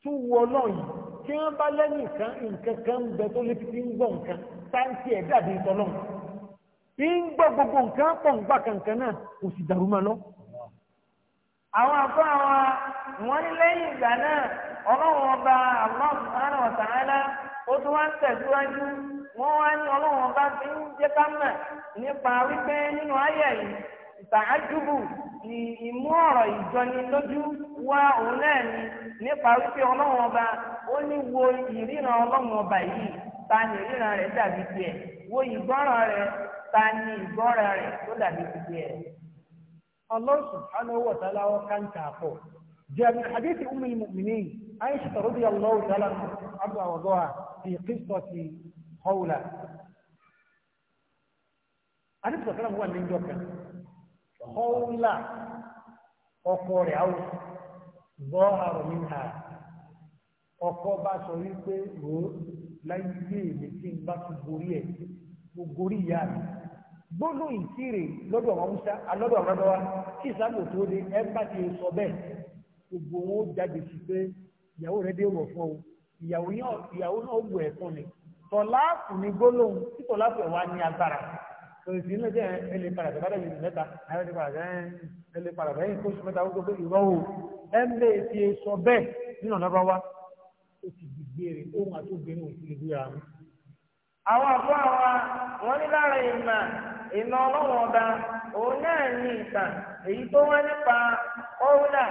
tó wọ ọlọ́run yìí tí wọ́n bá lẹ́nu nǹkan nǹkan kan ń bẹ tó lè fi ń gbọ́ nǹkan táǹtì ẹ̀ dàbí ìtọ́lọ́run bí ń gbọ́ gbogbo nǹkan pọ̀ ń gbà kankan náà kò sì dàrú ma lọ. àwọn àbọ̀ àwọn wọn ní lẹ́yìn ìgbà náà ọlọ́run ọba Allah subhanahu wa ta'ala ó tún wá ń tẹ̀síwájú wọ́n wá ní ọlọ́run ọba fi ń jẹ́ ká mọ̀ nípa wípé nínú ayẹ̀ yìí ìmú ọ̀rọ̀ ìjọni lójú wá òun náà ni nípa wípé ọlọ́run ọba ó ní wo ìríran ọlọ́run ọba yìí ta ni ìríran rẹ̀ dàbí tiẹ̀ wo ìgbọ́ràn rẹ̀ ta ni ìgbọ́ràn rẹ̀ tó dàbí tiẹ̀. wa ta'ala umm wa kanta fo جاء من حديث أم kọ́ńlá ọkọ rẹ̀ áwò bọ́ àrùn mi hà ọkọ bá sọ wípé rò ó láyé èmi tí n bá ti gorí ẹ̀ mo gorí ìyá mi gbóló ìtìrè lọ́dọ̀ àwọn haúsá alọ́dọ̀ àwọn ọlọ́wà kí ìsàgbò tó dé ẹ bá ti sọ bẹ́ẹ̀ gbogbo wọn ó jáde sí pé ìyàwó rẹ dé wọ̀ òsì ní ọjọ́ ẹlẹ́ padà tó bá dẹ̀ yìí mẹ́ta ayọ́ ní padà ẹlẹ́ padà bẹ́ẹ̀ kó oṣù mẹ́ta ó gbé ìrọ́ o ẹ ń lè ti sọ bẹ́ẹ̀ nínú ọ̀nà bá wá ó ti gbìgbére ohun àti obìnrin ò sì lè gbéra mú. àwọn àbúrò àwa wọn ní lára ìmọ̀ ìmọ̀ ọlọ́wọ́n ọba òun náà ní ìtàn èyí tó wá nípa ọ́wúnà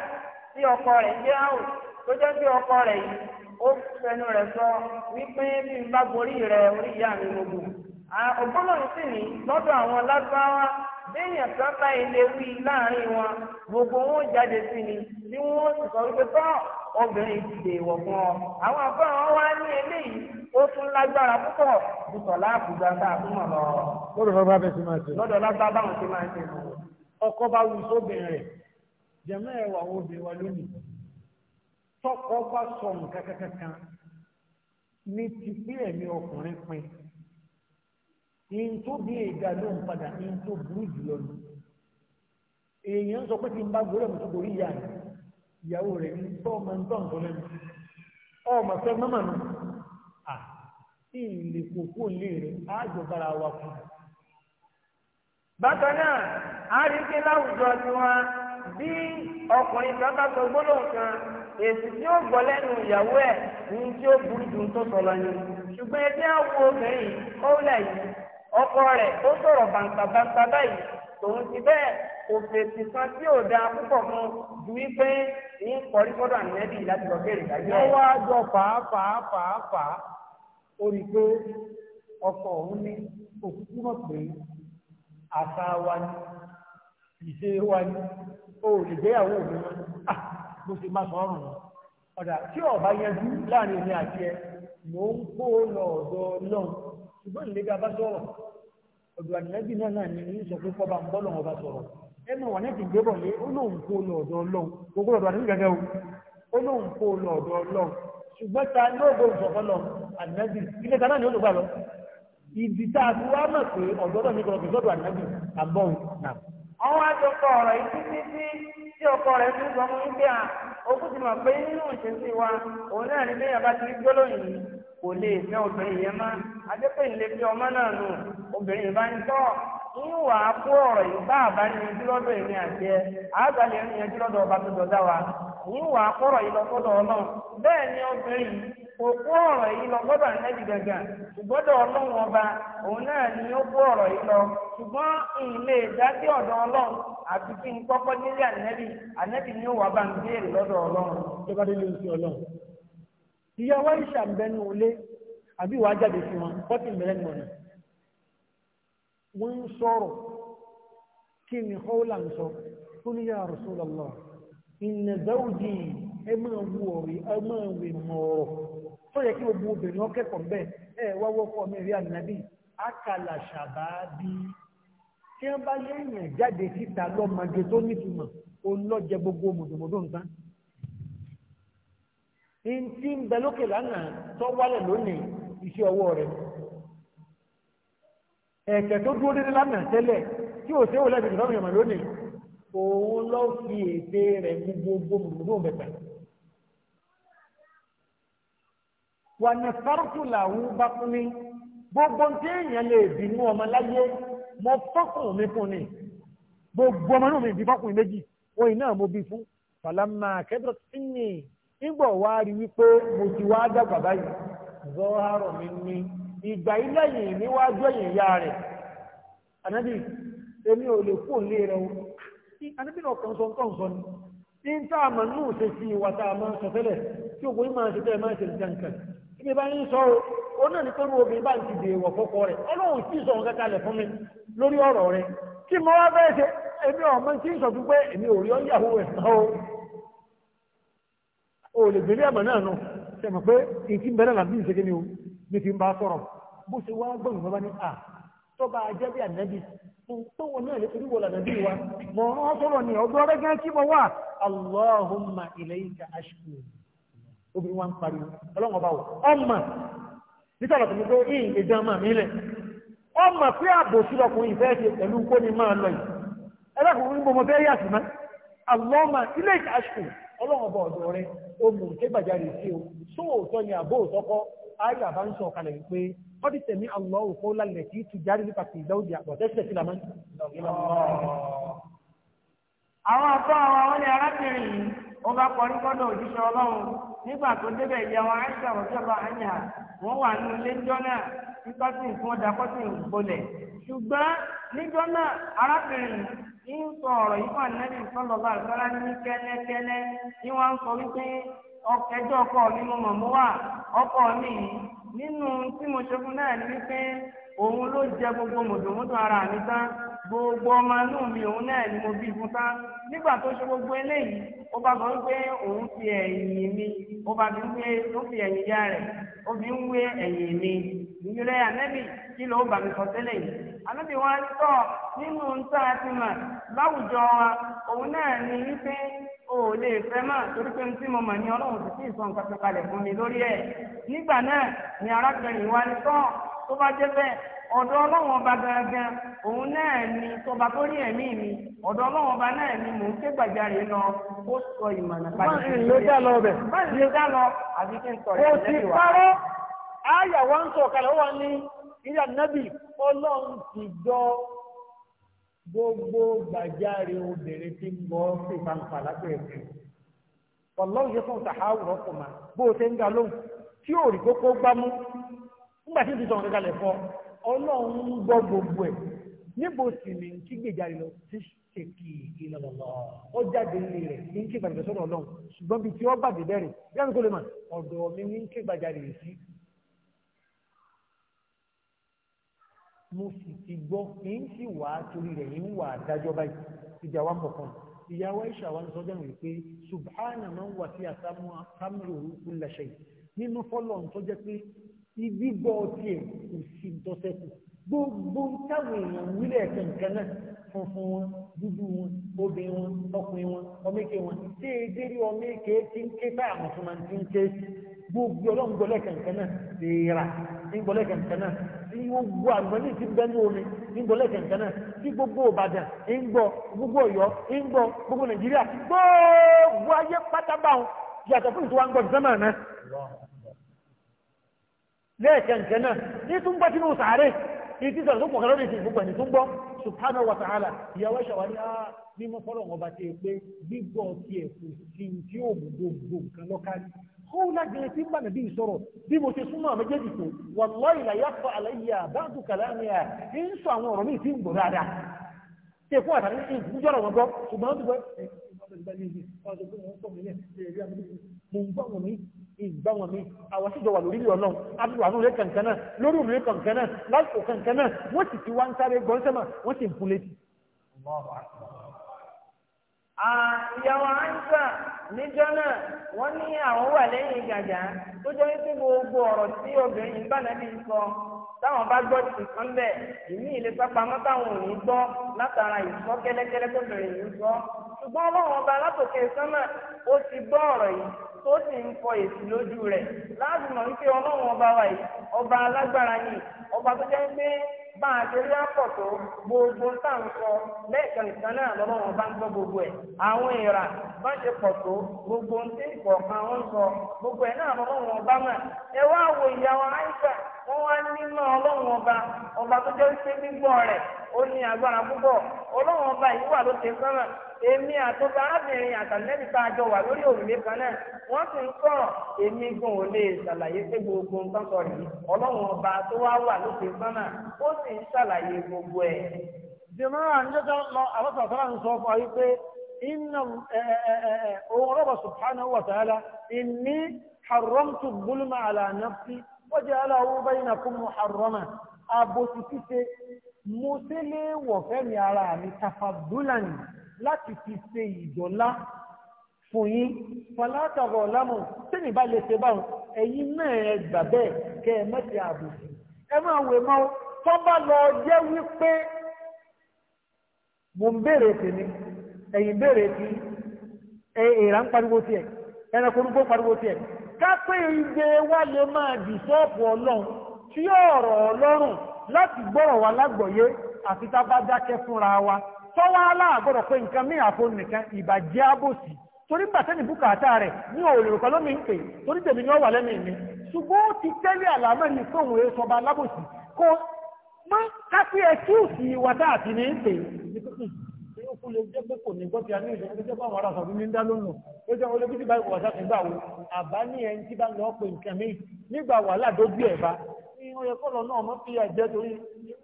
tí ọkọ rẹ̀ jẹ́ àwò tó jẹ́ bí ọkọ rẹ̀ yìí ó fẹnu rẹ̀ sọ wípé bí n bá borí rẹ̀ orí ìyá mi mo ògbólóhùn sì ní lọ́dọ̀ àwọn lágbáwá léèyàn kan bá ilé wí láàrin wọn gbogbo wọn jáde sí ni tí wọn sì sọ wípé tọ́ obìnrin ti dè wọ̀ fún ọ àwọn àbọ̀ wọn wá ní eléyìí ó tún lágbára púpọ̀ ju sọ̀lá àbùdá tá a fún wọn lọ. lọ́dọ̀ lágbá bẹ́ẹ̀ ti máa ṣe. lọ́dọ̀ lágbá báwọn ti máa ṣe. ọkọ bá wù sóbìnrin rẹ̀ jẹ̀mọ́ ẹ̀ wà wọ́n obìnrin wa lónìí tọkọ bá sọ nǹkan kankan ní ti bí ẹ̀mí ọkùnrin pin èyí tó bí ìdá ló ń padà èyí tó burú jùlọ nù èèyàn sọ pé n bá gbọ́dọ̀ mi tó borí ìyá rẹ̀ ìyàwó rẹ̀ ní tọ́ ọmọ ń tọ́ nǹkan lẹ́nu ọmọ fẹ́ mọ́mọ́ nù à tí ìlè kò rẹ̀ á jọ bára wa a rí pé láwùjọ bí ọkùnrin kan bá sọ èsì tí ó ẹ̀ ní ó burú jù ń sọ lọ ṣùgbọ́n ẹgbẹ́ àwọn ọkọ rẹ̀ ó sọ̀rọ̀ bàǹtàbàǹtà báyìí tòun ti bẹ́ẹ̀ òfè tìsan tí ò dáa púpọ̀ mu ju wípé ní kọrí gbọ́dọ̀ ànẹ́bì láti lọ bẹ̀rẹ̀ ìdájọ́. wọ́n wá jọ fàáfàáfàáfàá ó rí i pé ọkọ òun ní òkúkú mọ̀ pé àṣà wa ni ìṣe wa ni o ò lè gbéyàwó mi mọ́ bó ṣe máa sọ ọ̀rùn ọ̀dà tí ọ̀bá yẹn dú láàrin èmi àti ẹ mò ń kó lọ ọ̀dọ̀ ṣùgbọ́n ìlẹ́gbẹ́ abá sọ̀rọ̀ ọ̀dọ̀ ànìyànjú náà náà ni yín sọ pé kọ́ba ń bọ́ lọ́wọ́ bá sọ̀rọ̀ ẹ mọ̀ wọ́n ti gbé bọ̀ lé ó lóun kó lọ ọ̀dọ̀ ọlọ́run gbogbo o ó lóun kó lọ ọ̀dọ̀ ọlọ́run ṣùgbọ́n ta ní ògbó ìṣọ̀kan lọ ànìyànjú ilé ta náà ni ó lò gbà lọ ìdí tá a ti wá mọ̀ pé ọ̀dọ̀ ọ̀dọ̀ mi kọ̀ kì í àbọ̀hùn náà. àwọn àjọpọ̀ ọ̀rọ̀ yìí títí tí ọkọ rẹ̀ ti sọ fún okú ti mọ̀ pé wa òun náà ní bẹ́ẹ̀ bá ti rí gbólóyìn kò lè fẹ́ obìnrin yẹn má adépẹ́ ìlé fi ọmọ náà nù obìnrin yìí bá ń tọ́ yín wà kó ọ̀rọ̀ yìí bá àbá ní ojú lọ́dọ̀ èmi lọ́dọ̀ ọba òkú ọ̀rọ̀ yìí lọ gbọ́dọ̀ ànábì gàgà ìgbọ́dọ̀ ọlọ́run ọba òun náà ni ó kú ọ̀rọ̀ yìí lọ ṣùgbọ́n n lè dá sí ọ̀dọ̀ ọlọ́run àti kí n kọ́kọ́ nílé ànábì ànábì ni ó wà bá ń béèrè lọ́dọ̀ ọlọ́run. tó bá délé oṣù ọlọ́run ìyàwó ìṣà ń bẹnu ilé àbí ìwà jáde fún wọn bọ́tì mẹ́rẹ́ nù ọ̀nà wọ́n ń sọ̀rọ̀ kí ni họ́ọ̀là ń sọ tó ní yà Rasulullah ìnà dáwùjì ẹ máa wù ọ̀rẹ́ ẹ máa wè mọ̀ ọ̀rọ̀ tó yẹ kí gbogbo obìnrin wọn kẹ́kọ̀ọ́ bẹ́ẹ̀ ẹ wá wọ́pọ̀ mi rí ànábì akàlà ṣàbábí tí wọ́n bá yẹ̀yàn jáde síta lọ́mọdé tó nítumọ̀ olójẹ gbogbo mọ̀dọ̀mọ̀dọ̀ nǹkan. ntí ń bẹ lókè lánàá tó wálẹ̀ lónìí iṣẹ́ ọwọ́ rẹ̀ ẹ̀kẹ́ tó dúró dédé lánàá tẹ́lẹ̀ tí ò sí òwúlẹ̀ bìtì lọ́mọ lónìí òun lọ́ fi ète rẹ̀ gbogbo mọ̀dọ̀mọ̀dọ̀ bẹ̀tẹ̀. wà ní fárúkùlàwù bá fún mi gbogbo tí èèyàn lè bínú ọmọ láyé mo fọ́kùn mi fún ni gbogbo ọmọ náà mi bí fọ́kùn méjì oyin náà mo bí fún fàlámà kẹ́dọ̀ tí ní nígbà wá rí wípé mo ti wá dàgbà báyìí zọ́hárọ̀ mi ní ìgbà ilé yìí níwájú ẹ̀yìn ìyá rẹ̀ ànábì èmi ò lè kú òlé rẹ̀ o ànábì náà kàn sọ nǹkan sọ ni ní tá a mọ̀ nínú òṣèṣì ìwà tá a máa sọ tẹ́lẹ̀ tí ògbóyìn máa ṣe tẹ́lẹ̀ máa ṣe nǹkan bí bá ń sọ o náà ní pẹ́lú obìnrin bá ń ti dè wọ̀ fọ́kọ ọlọ́run tí fún mi lórí ọ̀rọ̀ kí mo wá bẹ́ẹ̀ ṣe èmi tí ń sọ fún pé èmi ò rí ẹ̀ o ò lè gbélé àmọ́ náà nù pé ń ni o bí ń bá sọ̀rọ̀ bó ṣe obìnrin wa ń pariwo ọlọ́wọ́n bá wọ̀ ọmọ nítorí ọ̀tún mi pé ìyìn lè dán máa mi lẹ̀ ọmọ pé ààbò sí ọkùnrin ṣe pẹ̀lú kó máa lọ yìí o sóòótọ́ ni àbó òtọ́kọ́ ayé àbá ń wípé wọ́n ti tẹ̀mí àlọ́ àwọn ó bá kọrí kọ́dọ̀ òjíṣẹ́ ọlọ́run nígbà tó débẹ̀ ìyá wọn àìsàn ọ̀jọ̀ba àyà wọ́n wà ní ilé ńjọ́ náà fún ọjà kọ́sìn gbolẹ̀ ṣùgbọ́n níjọ́ náà arábìnrin ń sọ ọ̀rọ̀ yìí àgbára ní kẹ́lẹ́kẹ́lẹ́ ni wọ́n sọ wípé ẹjọ́ ọkọ mi mo mọ̀ mọ́ wà ọkọ mi òun ló jẹ gbogbo mùdùmùdù ara mi tán gbogbo ọmọ inú mi òun náà ni mo bí fún tán nígbà tó ṣe gbogbo eléyìí ó bá sọ pé òun fi ẹ̀yìn mi ó bá fi ń wé ó fi ẹ̀yìn ya rẹ̀ ó fi ń wé ẹ̀yìn mi ìrẹ́ ànẹ́bì kí ló bà mí sọ tẹ́lẹ̀ yìí ànẹ́bì wọn tọ̀ nínú nta ti mà láwùjọ wa òun náà ni wípé o ò lè fẹ́ mà torí pé tí mo mọ̀ ní ọlọ́run sì sí ìsọ̀n kankan kalẹ̀ fún mi lórí ẹ̀ nígbà náà ni arákùnrin wa ní tán tó bá jẹ́ bẹ́ẹ̀ ọ̀dọ̀ ọlọ́run ọba gangan òun náà ni tọba tó rí ẹ̀mí mi ọ̀dọ̀ ọlọ́run ọba náà ni mò ń ké gbàjarè lọ ó sọ ìmọ̀nà padà. báyìí ló dá lọ bẹ̀. báyìí ló dá lọ àbí kí n sọ gbogbo gbàjáre obìnrin tí ń bọ́ sí ìfàǹfà lábẹ́ ẹ̀sìn ọlọ́run ṣe fún ìtàháwùrọ̀ kò mà bó o ṣe ń ga lóhùn tí ò rí kókó gbámú nígbà tí ìdíjọ́ ọ̀rẹ́ kalẹ̀ fọ́ ọlọ́run ń gbọ́ gbogbo ẹ̀ níbo sì ni kí gbèjáre lọ sí ṣèkì ìlọlọlọ ó jáde ilé rẹ̀ ní kí gbàgbé sọ́dọ̀ ọlọ́run ṣùgbọ́n bíi tí wọ́n bàjẹ́ bẹ́ẹ̀ rẹ̀ yàrá kó lè mà ọ̀dọ̀ mi ní kí gbàjáre sí mo sì ti gbọ́ kí n sì wà á torí rẹ̀ yìí ń wà á dájọ́ báyìí ìjà wa ń bọ̀ kan ìyàwó ìṣà wa ń sọ dáhùn wípé subhana man wà sí àsámúlòrú kulla shay nínú fọ́lọ̀ ń tọ́jẹ́ pé ìgbígbọ́ tiẹ̀ kò sí dọ́sẹ́kù gbogbo táwọn èèyàn wílẹ̀ kankan náà funfun wọn dúdú wọn obìnrin wọn ọkùnrin wọn ọmọkè wọn tí èdèrí ọmọkè tí ń ké báyà mọ̀tún máa ti ń ké gbogbo ọlọ́ngbọ́lẹ̀ kankan náà ti rà ń gbọ́lẹ̀ kankan náà gbogbo àgbọ̀nì ti bẹ́ ní omi ní gbọ́lẹ̀ kẹ̀kẹ́ náà tí gbogbo Ìbàdàn ń gbọ́ gbogbo Ọ̀yọ́ ń gbọ́ gbogbo Nàìjíríà gbogbo ayé pátábà yàtọ̀ fún ìtura ń gbọ́ ìsẹ́mà náà lẹ́ẹ̀kẹ̀kẹ́ náà ní tún gbọ́ sínú sàárè ní tí sọ̀rọ̀ tó pọ̀ kẹlọ́rì sí gbogbo ẹni tún gbọ́ subhanahu wa ta'ala ìyàwó ẹ̀ṣẹ̀ ní á mímọ́ fọ́lọ̀ wọn ti pé gbígbọ́ tiẹ̀ kò sí tí kó lágbèrè tí bá nàbí ìṣòro bí mo ṣe súnmọ́ àwọn tó wallahi la yaqfa alayya ba'du kalamiha ń sọ àwọn ọ̀rọ̀ míì tí ń àtàrí wọn gbọ́ ṣùgbọ́n gbọ́ ìyàwó ansa níjọ́ náà wọn ní àwọn wà lẹ́yìn gàgà tó jẹ́ wípé gbogbo ọ̀rọ̀ tí obìnrin bá nàbí sọ táwọn bá gbọ́ ti kan ìní ilé pápámọ́ táwọn ò ní látara ìsọ tó sọ ọba látòkè sánmà ó ti yìí tó sì ń fọ èsì lójú ọba ọba alágbára ọba tó bá a ṣe rí gbogbo táǹkọ lẹ́ẹ̀kan ìtàn náà lọ́wọ́ bá ń gbọ́ gbogbo ẹ̀ àwọn ìrà bá ṣe gbogbo ń tí kọ̀ọ̀kan wọn sọ gbogbo ẹ̀ náà lọ́wọ́ ọba mà ẹ wá wo ìyá wa àìsà wọ́n wá ọba ọba tó jẹ́ gbígbọ́ rẹ̀ ó ní agbára púpọ̀ ọba yìí èmi àtọ́fẹ́ arábìnrin àtàlẹ́bí tá a jọ wà lórí òrùlé kan náà wọ́n sì ń sọ̀rọ̀ èmi gan ò lè ṣàlàyé pé gbogbo nǹkan sọ yìí ọlọ́run ọba tó wá wà lókè sánà ó sì ń ṣàlàyé gbogbo ẹ̀. jìmọ́ra ní ọjọ́ lọ àwọn sọ̀tọ́lá ń sọ fún ayé pé iná haramtu bulma ala àbòsí mo wọ̀fẹ́ mi ara mi tafadúlà ni láti fi ṣe ìdọ́lá fún yín falátàrọ̀ lámọ̀ tẹ́nì bá lè ṣe báwọn ẹ̀yin náà ẹ gbà bẹ́ẹ̀ kẹ́ ẹ mẹ́tẹ̀ ààbò sí ẹ máa wè mọ́ tó bá lọ jẹ́ wípé mo ń béèrè tèmi ẹ̀yin béèrè tí èèrà ń pariwo tiẹ̀ ẹranko orúkọ pariwo tiẹ̀ ká ìgbé wa lè máa dì sọ́ọ̀pù ọlọ́run tí ọ̀rọ̀ ọlọ́run láti gbọ́rọ̀ wa lágbọ̀yé àfi tá bá dákẹ́ fúnra wa tọ́wọ́ aláàgbọ́dọ̀ pé nǹkan mí àfon nìkan ìbàjẹ́ àbòsí torí gbàtẹ́ ní bùkátà rẹ̀ ní òòlù kan lómi ń pè torí tèmi ni ó wà lẹ́mìí mi ṣùgbọ́n ó ti tẹ́lẹ̀ àlámẹ́ ní pé òun èso ọba alábòsí kó má kápẹ́ ẹtúùsì ìwà tá àti ní pè ó kú lè jẹ́ pé kò ní gbọ́ ti a ní ìjọba tó jẹ́ pé àwọn ará sọ̀rọ̀ ní ń dá lónà ó jẹ́ olóbi tí báyìí wà sáfì gbà wo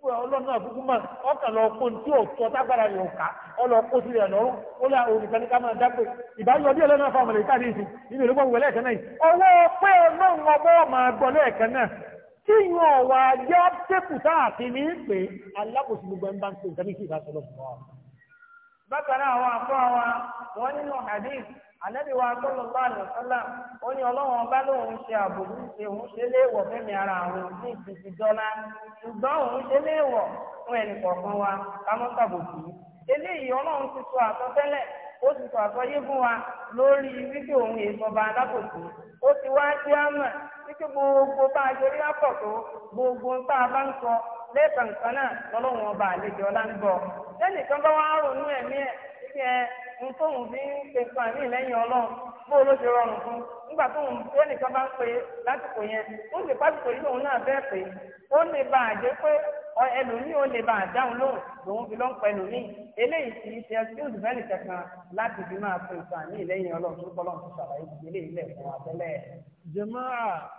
fúra ọlọ́nà àbúkú mà ọkàn lọ kó ní tí ò tọ́ tágbára yóò ká ọlọ kó sí ẹ̀ lọ́rùn ó lá òrùka ní ká máa dápè ìbáyọ̀ bí ọlọ́nà fáwọn mọ̀lẹ́ká ní ìsìn nínú ìlú pọ̀wọ̀ lẹ́ẹ̀kan náà ọwọ́ pé ọlọ́run ọgbọ́ máa gbọ́ lẹ́ẹ̀kan náà tí yàn wà yọ tẹ́kù táàfin ní pé alákòóso gbogbo ẹ̀ ń bá ń pè ní kí ìbá sọ ànábì wa sallallahu alaihi wasallam ó ní ọlọ́run ọba lòun ṣe àbòrú ṣe òun ṣe léèwọ̀ fẹ́mi ara àwọn ní ìsìnkú dọ́là ṣùgbọ́n òun ṣe léèwọ̀ fún ẹnì kọ̀ọ̀kan wa eléyìí ti sọ ó ti sọ fún wa lórí wípé òun wá àmà wípé gbogbo bá a gbogbo tá a bá ń sọ lẹ́ẹ̀kan ọba àlejò ọlá ń bọ̀ lẹ́nìkan pé ẹ ń tóun fi ń ṣe fún àmì lẹ́yìn ọlọ́run bó ló ṣe rọrùn fún nígbà tó nìkan bá ń pè é lásìkò yẹn ó sì pásítọ̀ yìí lòun náà bẹ́ẹ̀ ó lè bá a jẹ́ pé ẹlòmíì ó lè bá a dáhùn lóhùn lòun fi ṣe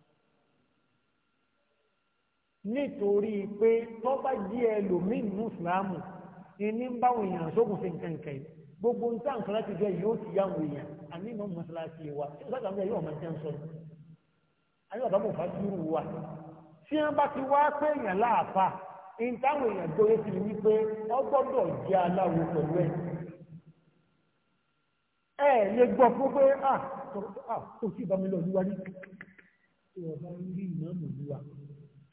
nítorí pé tó bá jí ẹlòmíì nínú ìsìláàmù ìní ń báwọn èèyàn sókùn sí nǹkan nǹkan yìí gbogbo ń tàn kan láti jọ yóò ti yá àwọn èèyàn àní ìmọ̀ mọ́sálásí wa tí wọ́n sàgbà yóò máa jẹun sọ́nù àyè bàbá mọ̀fà sí irú wa tí wọ́n bá ti wá pé èèyàn láàfà ń táwọn èèyàn gbóyè sí ni pé ọ gbọ́dọ̀ jẹ́ aláwo pẹ̀lú ẹ̀ ẹ lè gbọ́ fún pé à kò tí ì bá mi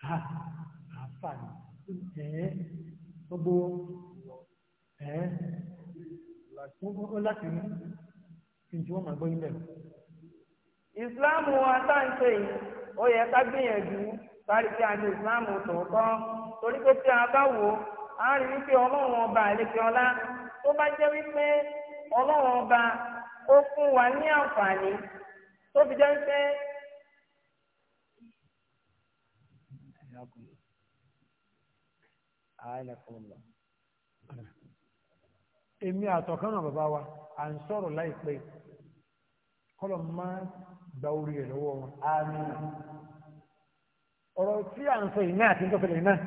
ha àǹfààní ẹ̀ẹ́ gbogbo ẹ̀ẹ́ ó láti ní kí n tí wọ́n máa gbọ́ yín bẹ̀rẹ̀. ìsìláàmù àtàǹṣe yìí ó yẹ ká gbìyànjú sáré tí a ní ìsìláàmù tòótọ́ torí pé tí a bá wò ó a rí wípé ọlọ́run ọba àlejò ọlá tó bá jẹ́ wípé ọlọ́run ọba ó fún wa ní àǹfààní tó fi jẹ́ wípé ààlẹ́kùnlọ. èmi àtọ̀kánà bàbá wa à ń sọ̀rọ̀ láìpẹ́ kọ́lọ̀ máa gba orí ẹ̀ lọ́wọ́ wọn àmín ọ̀rọ̀ tí à ń sọ ìná àti ń tọ́fẹ̀lẹ̀ náà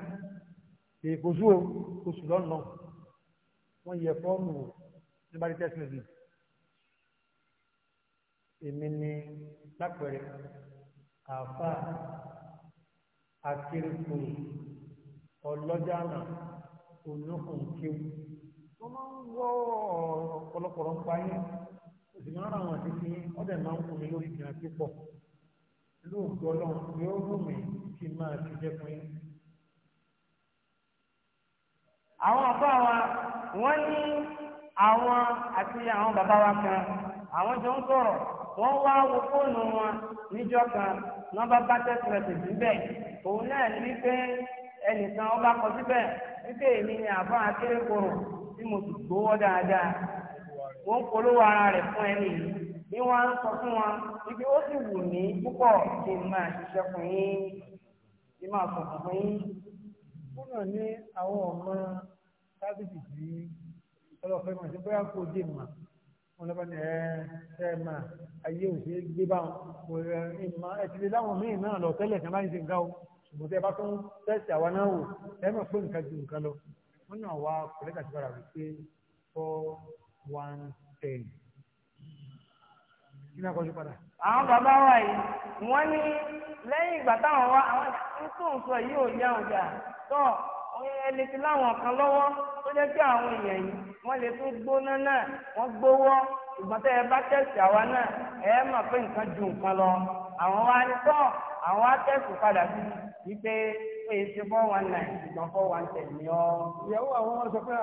èkó sú o oṣù lọ́nà wọ́n yẹ fọ́ọ̀mù nígbà tí tẹ́sí lè èmi ni lápẹ̀rẹ̀ àfa akérèkọ́rò ọlọ́jà náà olókùn kíw wọ́n máa ń gbọ́ ọ̀rọ̀ ń òsì máa ń ra àwọn àti fún ọ̀dẹ̀ máa ń mi lórí ìgbìmọ̀ wù mí n máa wa wọ́n ní àwọn àti àwọn bàbá wa kan àwọn jọ ń sọ̀rọ̀ wọ́n wá ẹnìkan ọba kọ síbẹ̀ wípé èmi ni àbá tí mo sì gbowó dáadáa wọ́n ń polówó ara rẹ̀ fún ẹni yìí bí wọ́n ń sọ fún wọn ibi ó sì wù mí púpọ̀ kí máa ṣiṣẹ́ fún yín kí n máa fún yín. ní àwọn ọmọ sábìtì ọlọ́fẹ́ mọ̀ sí bóyá dé mà lọ́ba ní mà ayé gbé ti láwọn míì náà lọ tẹ́lẹ̀ ṣùgbọ́n tẹ́ bá tó ń tẹ́sí àwa náà wò ẹ mọ̀ pé nǹkan ju nǹkan lọ wọ́n náà wá kọ̀lẹ́tà ti bára rẹ̀ pé four one ten kí náà kọjú padà. àwọn bàbá wa yìí wọ́n ní lẹ́yìn ìgbà táwọn wá àwọn nítorí sọ yìí ò yá ọjà tó ẹni tí láwọn kan lọ́wọ́ tó jẹ́ kí àwọn èèyàn yìí wọ́n lè tún gbóná náà wọ́n gbówó ìgbọ́n tẹ́ ẹ bá tẹ̀sí àwa náà ẹ mọ̀ pé nǹkan ju nǹkan lọ àwọn wa ní tọ́ àwọn akẹ́kọ̀ọ́ padà sí wípé pé ṣe four one nine ṣùgbọ́n four one ten ni ọ́. ìyàwó àwọn ọmọ sọ pé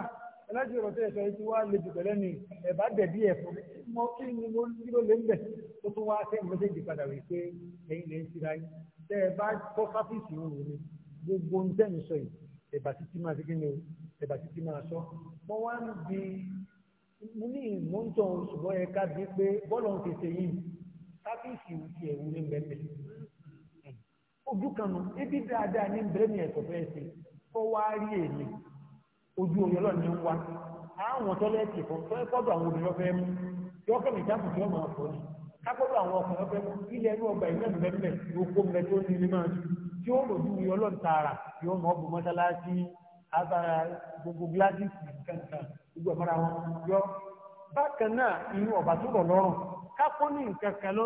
alájọ ọ̀rọ̀ tó yẹ sọ ti wá lè jùlọ lẹ́nu ẹ̀bá dẹ̀bí ẹ̀ fún mọ kí ni mo kí ló lè ń bẹ̀ tó tún wá sẹ́ mẹ́sẹ̀jì padà wí pé ẹ̀yin lè ń sira yín tẹ́ ẹ bá kọ́ sáfíìsì òun ni gbogbo ń tẹ̀yìn sọ yìí ẹ̀bà títí máa ṣe kí ni ẹ̀bà ojú kan nù ebi dáadáa ní bẹ́ẹ̀ni ẹ̀tọ́ fẹ́ ṣe kọ́ wá rí èmi ojú oyè lọ́ọ̀ ní ń wá àwọn tọ́lẹ́ẹ̀tì kan tọ́ ẹ̀kọ́dọ̀ àwọn obìnrin ọ̀fẹ́ mú yọ́kọ̀ mi jáàmù tí wọ́n máa fọ́ ni kápọ́dọ̀ àwọn ọkùnrin ọ̀fẹ́ mú ilẹ̀ inú ọgbà ìlú ẹ̀mí bẹ́ẹ̀ lóko mẹ́ tó ní ilé máa ju tí ó lòdù oyè ọlọ́ọ̀ tààrà yóò mọ̀ ọ́bù mọ́sálásí abara gbogbo gíláàsì kankan gbogbo ẹ̀fọ́ra wọn yọ bákan náà inú ọ̀bà tó rọ̀ lọ́rùn kápọ́ ní nǹkan kan lọ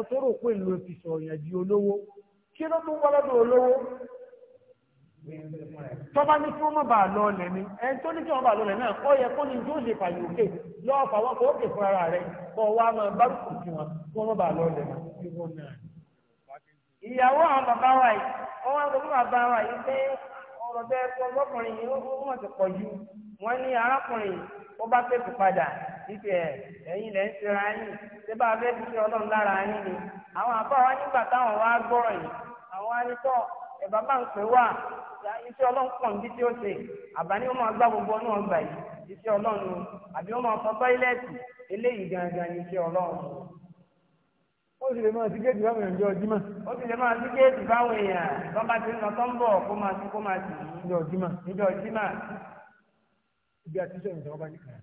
kí ló tún gbọ́lọ́dọ̀ olówó tọ́ba ní kí wọ́n má bàa lọ ọlẹ̀ ẹni tó ní kí wọ́n bàa lọ ọlẹ̀ náà yẹ kó ní fàyè òkè lọ́wọ́ kò ókè fún ara kọ́ wa máa bárùkù sí wọn kí wọ́n má bàa lọ ọlẹ̀ ìyàwó ju wọ́n ní arákùnrin ó bá fẹ́ fi padà títí ẹ̀ ẹ̀yin lẹ́ ń sera yín ṣé bá a fi ṣe ọlọ́run ni àwọn àbá wa nígbà táwọn wá gbọ́rọ̀ yìí àwọn anitọ́ ẹ̀ bàbá ń pè wá iṣẹ́ ọlọ́run pọ̀ gbogbo ọ̀nà ọgbà yìí ọlọ́run àbí ó máa fọ eléyìí gangan ni ọlọ́run. ó sì lè máa ti géètì báwọn èèyàn ó sì lè máa ti géètì báwọn èèyàn ibi àti iṣẹ́ ìjọba bá nìkan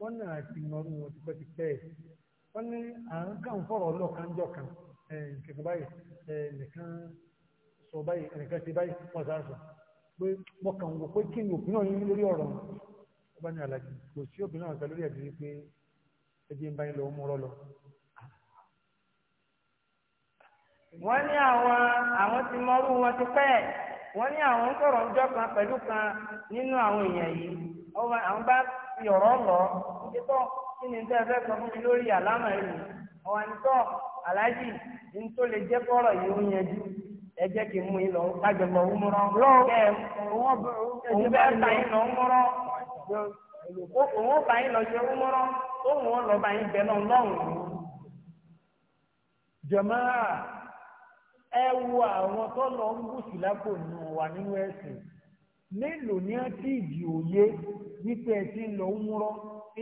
wọ́n náà ti nọrú wọn tipẹ́tipẹ́ wọ́n ní à ń kàn fọ̀rọ̀ ọlọ́kanjọ́ kan kẹ̀kẹ́ báyìí nìkan sọ báyìí nìkan ṣe báyìí wọ́n sá sọ pé wọ́n kàn wò pé kí ni òkú náà yín lórí ọ̀rọ̀ wọn bá ní àlàjì kò sí òkú náà gbà lórí àdìrí pé ẹjẹ ń bá yín lọ mú rọ wọ́n ní àwọn àwọn ti mọrú wọn ti pẹ́ wọ́n ní àwọn ń sọ̀rọ̀ ọjọ́ kan pẹ̀lú kan nínú àwọn èèyàn yìí ọba àwọn bá fi ọ̀rọ̀ lọ títọ́ kí ni tẹ́ fẹ́ sọ fún mi lórí àlámà ẹ̀rù ọ̀wà nítọ́ aláàjì ní tó lè jẹ́ kọ́rọ̀ yìí ó yanjú ẹ jẹ́ kí n mú yín lọ òun bẹ́ẹ̀ yín lọ òun bá yín lọ ṣe lọ bá yín bẹ́ẹ̀ náà mélòó ni a ti di òye wípé ẹ ti ń lọ wúrọ́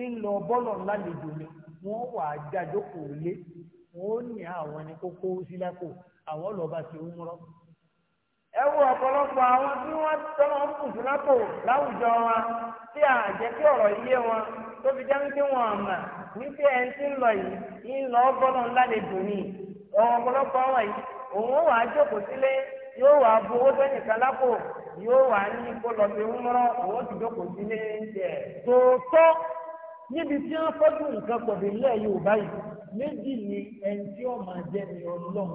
ń lọ bọ́lọ̀ ni wà á lé ní àwọn ẹni kókó sílákò àwọn ti ń ẹ wo ọ̀pọ̀lọpọ̀ àwọn tí a jẹ́ kí ọ̀rọ̀ yé wọn tó fi jẹ́ wípé wọn àmà wípé ẹ ti ń lọ yìí ń lọ ni ọ̀pọ̀lọpọ̀ wọn yìí òun wà á jókòó sílé yóò wà á yóò wà ní kó lọ sí ńlọrọ owó tìjókò sí ní ẹ̀. tòótọ́ níbi tí wọ́n fọ́jú nǹkan pọ̀bí ilẹ̀ yorùbá yìí méjì ni ẹni tí wọ́n máa jẹ́ ní ọlọ́run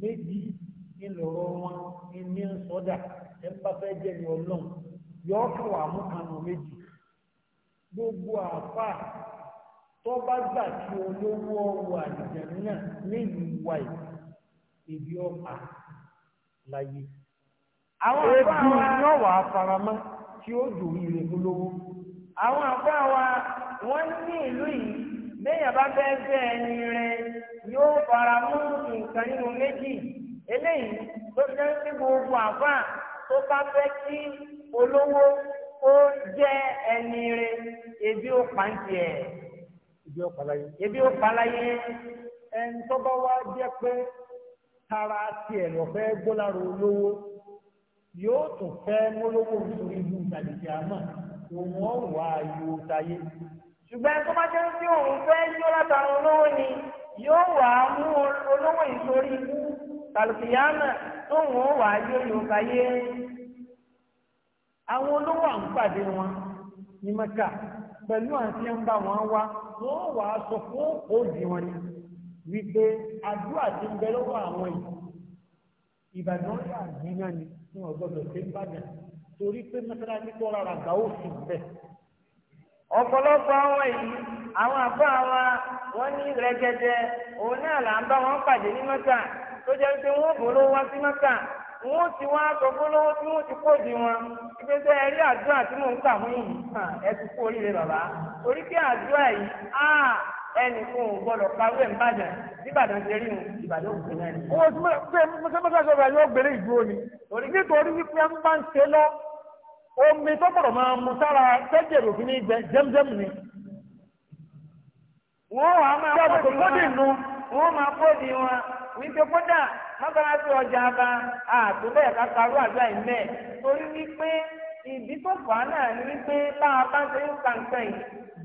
méjì ńlọrọ wọn ní sọ́dà ẹ̀ ń bá fẹ́ jẹ́ ní ọlọ́run yọ fún àmúkanu méjì gbogbo àfa tó bá gbà tí olówó ọwọ́ àlùjẹ̀ náà ní ìwà ìbí ọ̀pá láyé. ebi àbá wa yóò wà faramọ́ tí ó dùn ilé olówó. àwọn wa ní ìlú yìí bá fẹ́ fẹ́ ẹni rẹ yóò fara mú nǹkan nínú méjì eléyìí tó jẹ́ sí gbogbo àbá tó bá fẹ́ kí olówó ó ẹni rẹ ebi ó pa ebi ó palaye. ebi ó palaye. ẹni bá wá jẹ́ pé tara tiẹ̀ lọ fẹ́ gbólára olówó. yóò tún fẹ́ mólówó nítorí ibú ìtàlẹ̀kì àmọ́ òun ọ̀ wá ayò táyé. ṣùgbọ́n tó bá jẹ́ pé òun fẹ́ yó látara olówó ni yóò wá mú olówó ìsorí ibú ìtàlẹ̀kì àmọ́ tóun ọ̀ wá ayò yóò táyé. àwọn olówó à ń pàdé wọn ní mẹ́kà pẹ̀lú àti ẹ̀ ń bá wọn wá wọ́n wàá sọ fún òdì wọn ni wípé àdúrà ti ń bẹ lọ́wọ́ àwọn yìí ìbàdàn yà gbiná ni fún ọgbọ́dọ̀ tó ń bàdàn torí pé mọ́sálásí tó rárá gbà ó sì bẹ̀. ọ̀pọ̀lọpọ̀ àwọn èyí àwọn àbá wa wọ́n ní rẹ́gẹ́dẹ́ òun náà là ń bá wọn pàdé ní mọ́tà tó jẹ́ pé wọ́n bò ló wá sí mọ́tà wọ́n ti wá sọ gbólóhó tí wọ́n ti kó di wọn ibi tẹ́ ẹ rí àdúrà tí mò ń kà fún yìí ẹ ti kú oríire bàbá orí kí àdúrà yìí ah, ẹnì fún un gbọ́dọ̀ pawé ìbàdàn nígbàdàn ti rí un ìbàdàn òkú náà ni. owó tí mọ́sálásí ọ̀rọ̀ yóò gbèrè ìdúró ni nítorí wípé ń bá ń ṣe lọ omi tó gbọ́dọ̀ máa mu sára tẹ́jẹ̀rì òfin ní ìgbẹ́ jẹ́mjẹ́m ni. wọ́n wàá máa kọ́ kódì nu wọ́n máa kódì wọn wípé kódà mọ́sálásí ọjà bá àtúbẹ̀ kàkàrú àgbà ìmẹ̀ torí wípé ìdí tó fà á náà ni wípé bá a bá ń ṣe ń kàǹkàn yìí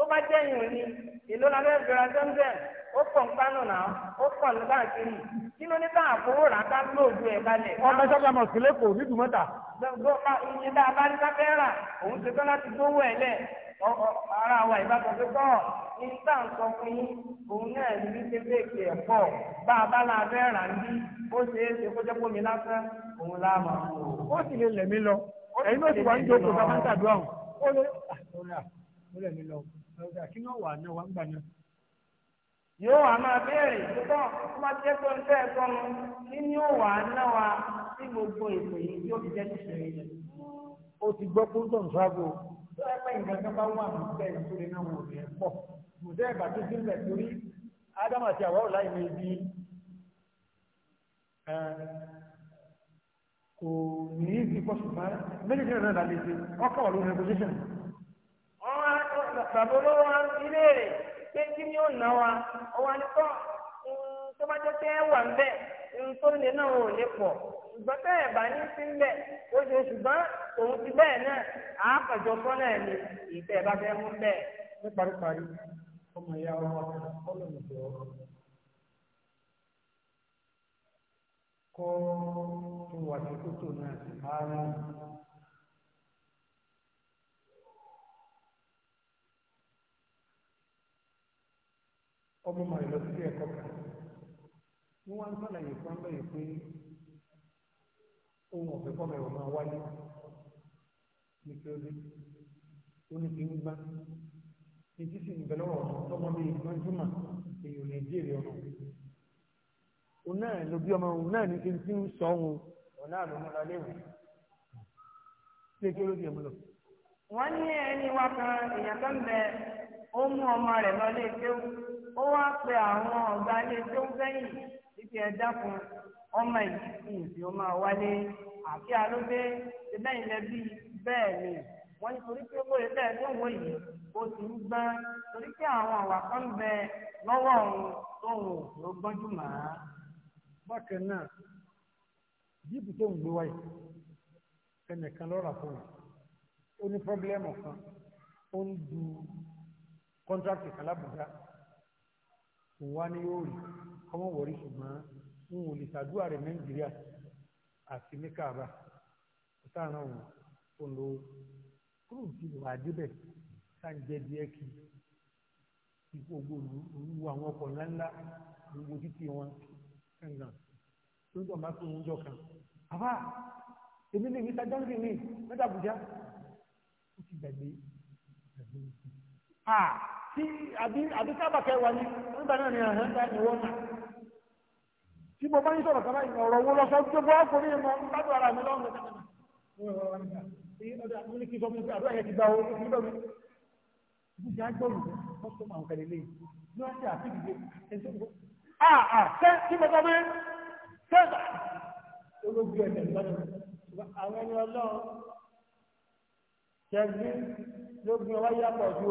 tó bá jẹ́ ìrìn ni ìlú lábẹ́ ìjọra jẹ́ńjẹ́ ó pọ̀ ń pánù náà ó pọ̀ ní káàkiri kí ló ní ká àbúrò rà ká lóògùn ẹ̀ balẹ̀. ọmọ sábà mọ̀ sílé kò ní dùmọ́ta. gbogbo iye tá a bá ní sáfẹ́ rà òun ṣe tán láti gbówó ẹ̀ lẹ̀ ara wa ìbátan tó kọ́ nígbà nǹkan fún yín òun náà ní bí ṣe ẹ̀ pọ̀ bá a bá la fẹ́ rà ní ó ṣe é ṣe kó jẹ́ pómi lásán òun lá mọ̀. ó sì lè lẹ̀mí lọ ẹ̀yin náà ti wà ní ìjókòó ká máa ń tàdúrà ó lè ah, lẹ̀mí lọ ọjà kí náà wà náà wà ń gbà náà. yóò wá máa béèrè ṣùgbọ́n tó bá jẹ́ ń fẹ́ sọnù kí ni ó wà náà wá sí gbogbo ètò yìí tí ó fi jẹ́ ṣiṣẹ́ rẹ̀. ó ti gbọ́ pé ó dọ̀ ń sábò tó ẹ pé nǹkan kan bá wà ní bẹ́ẹ̀ nítorí náà wò rẹ̀ pọ̀ mùsẹ́ ìgbà tó sílẹ̀ torí ádámù àti àwọn ọ̀la ìwé ibi kò ní í ti pọ̀ ṣùgbọ́n méjèèjì bàbá olówó wa ń ilé rẹ̀ pé kí ni ó nà wa ọwọ́ ni tó bá pé ẹ wà ń bẹ̀ lè náà ò lè pọ̀ ṣùgbọ́n tẹ́ bá ní sí òun ti bẹ́ẹ̀ náà àápàjọ náà ni bá fẹ́ mú bẹ́ẹ̀ paríparí ọmọ ìyá ọmọ màá lọ sí ẹ̀kọ́ kan wọ́n wá ń sàlàyé fún abẹ́yẹ pé ohun ọ̀fẹ́ kọ́ mẹ́wàá máa wáyé ní kí ó dé ó ní kí ń gbá ìdí sì ń bẹ̀rẹ̀ ọ̀rọ̀ tọmọ mi ìgbọ́n júmọ̀ èèyàn lè dí èrè ọ̀nà òun náà ló bí ọmọ òun náà ní kí n ti ń sọ òun ọ̀nà àlọ́ mọ́ra léwu ṣé kí ó ló dé ẹ̀mú lọ. wọ́n ní ẹni wá kan èèyàn kan bẹ ó mú ọmọ rẹ̀ lọ lé kéwú ó wá pe àwọn ọ̀gá lé o sẹ́yìn títí ẹ dákun ọmọ yìí ìsìn ó máa wálé àti alóbé ṣe bẹ́ẹ̀ lẹ bí ni wọ́n ní torí pé bóyá bẹ́ẹ̀ tó wọ yìí ó ti ń gbọ́n torí pé àwọn àwà kan bẹ òun bákan náà jíìpù tó ń gbé wáyé ẹnìkan lọ́ra fún ó ní pọ́blẹ́mù kan ó ń kọ́ńtrákì kan lábùjá wà ní yóò rí kọ́mọ wọ̀rí ṣùgbọ́n n ò lè ṣàdúrà rẹ̀ nàìjíríà àti ní káàbà ìtàràn òun tó ń lo kúrò tí wàá débẹ̀ sáǹjẹ́ díẹ̀ kí ipò gbòòlù olúwo àwọn ọkọ̀ ńláńlá gbogbo títì wọn kàngàn tó ń tọ́ máa tó ń jọ kan bàbá èmi ní mr johnson ní mẹ́ta àbújá ó ti gbàgbé gbàgbé ah tí àbí sábàkẹ́ wà ní nígbà náà ni àhán bá ní wọ́n mà tí mo bá ń sọ̀rọ̀ sábà ìgbà ọ̀rọ̀ owó lọ́sọ́ tó bọ́ kò ní ìmọ̀ ń bájú ara mi lọ́wọ́ olóògbé ẹ̀sẹ̀ ìbájọ́ àwọn ẹni ọlọ́run ṣẹ́gbẹ́ ló gbin ọwá yàpọ̀ ju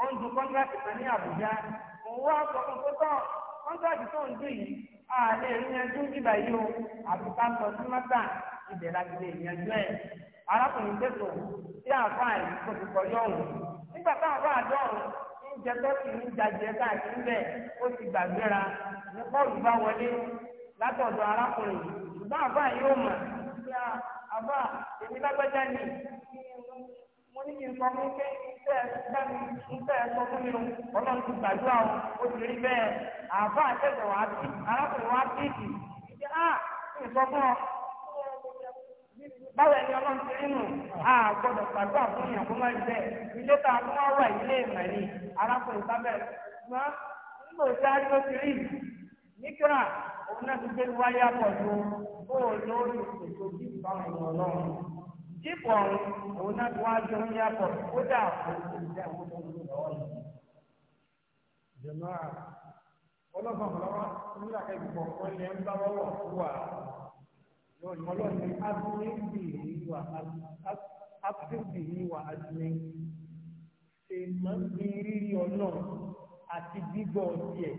ó ń dun kọ́ńtàkì kan ní àbújá wá sọ fún tó ń dùn yìí a lè rí yanjú bíbá yìí o àbí ká sọ sí mọ́tà ibẹ̀ la lè yanjú ẹ̀ arákùnrin tẹ̀sọ̀ tí àáfàá yìí kò ti kọ́ yọ̀hún nígbà a àdọ́rùn ń jẹ tọ́sí ń jajẹ káàkiri bẹ́ẹ̀ ó ti gbàgbéra ní bá wọlé látọ̀dọ̀ arákùnrin ṣùgbọ́n àáfàá yìí ó mọ̀ mo o báwo ni ọlọ́run ti rí nù á gbọ́dọ̀ fún kó má rí bẹ́ẹ̀ ilé a fún ni arákùnrin ṣùgbọ́n nígbà tí a rí ti rí nígbà òun náà ti gbé ìbámu ọlọ́run. jípọ̀ ọ̀hún òun náà tó wá jọ ń yàtọ̀ ó dà òkúta ìwé tó ń lò lọ́wọ́ yìí. jẹ̀mọ́ à ọlọ́gbọ̀n lọ́wọ́ nígbà kẹ́kọ̀ọ́ wọn lè ń bá wọ́wọ́ wà lọ́ọ̀ni adúlébì wà ásíbì wà ádùnẹ́ ṣe máa ń fi rírí ọ̀nà àti gbígbọ́ tiẹ̀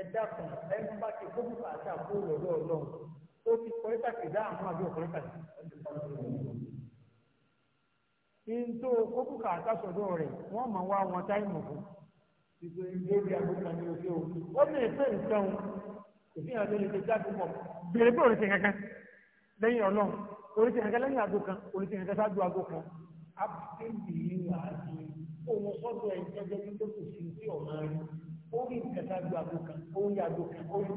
ẹ dákun ẹ ń bá ti fókùn àti àbúrò lọ́dọ̀ ọlọ́run ó ti kọ́ ẹ́ tàkìdá àwọn àbí ọ̀kọ́ ẹ́ tàkìdá. ntó a kàtà sọ́dọ̀ rẹ̀ wọ́n mọ̀ wá wọn táìmù fún ìgbé ìgbébi àgbékà ní oṣù òun ó ní ìfẹ́ nǹkan òfin àti olùdíje jáde pọ̀ bèrè pé oríṣi kankan lẹ́yìn ọlọ́run oríṣi kankan lẹ́yìn àgbo kan oríṣi kankan ṣáájú kan. sọ́dọ̀ ẹ̀ jẹ́jẹ́ bí tó kù sí sí ọ̀nà rẹ̀ ó rí nǹkan ṣáájú kan kan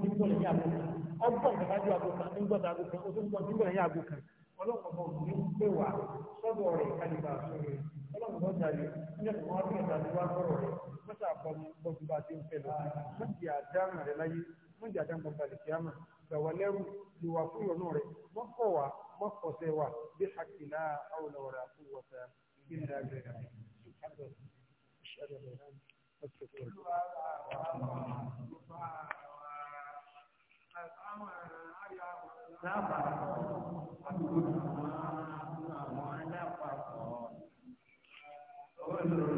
nígbọ̀n lẹ́yìn kan ọgbọ̀n ṣáájú kan nígbọ̀n ọlọ́run ọmọ òní ń pè wá sọ́dọ̀ rẹ̀ kálíbà sọ̀rọ̀ ọlọ́run bọ́ jáde ní ẹ̀sùn wọn bí ìtàdé wá sọ̀rọ̀ rẹ̀ mọ́tà àfọmú gbọ́dú bá ti ń fẹ́ lọ wọ́n ti àdáhùn rẹ̀ láyé wọ́n ti àdáhùn gbọ́dú àlè kíámà sábà àwọn alápapọ̀ olùrọ̀.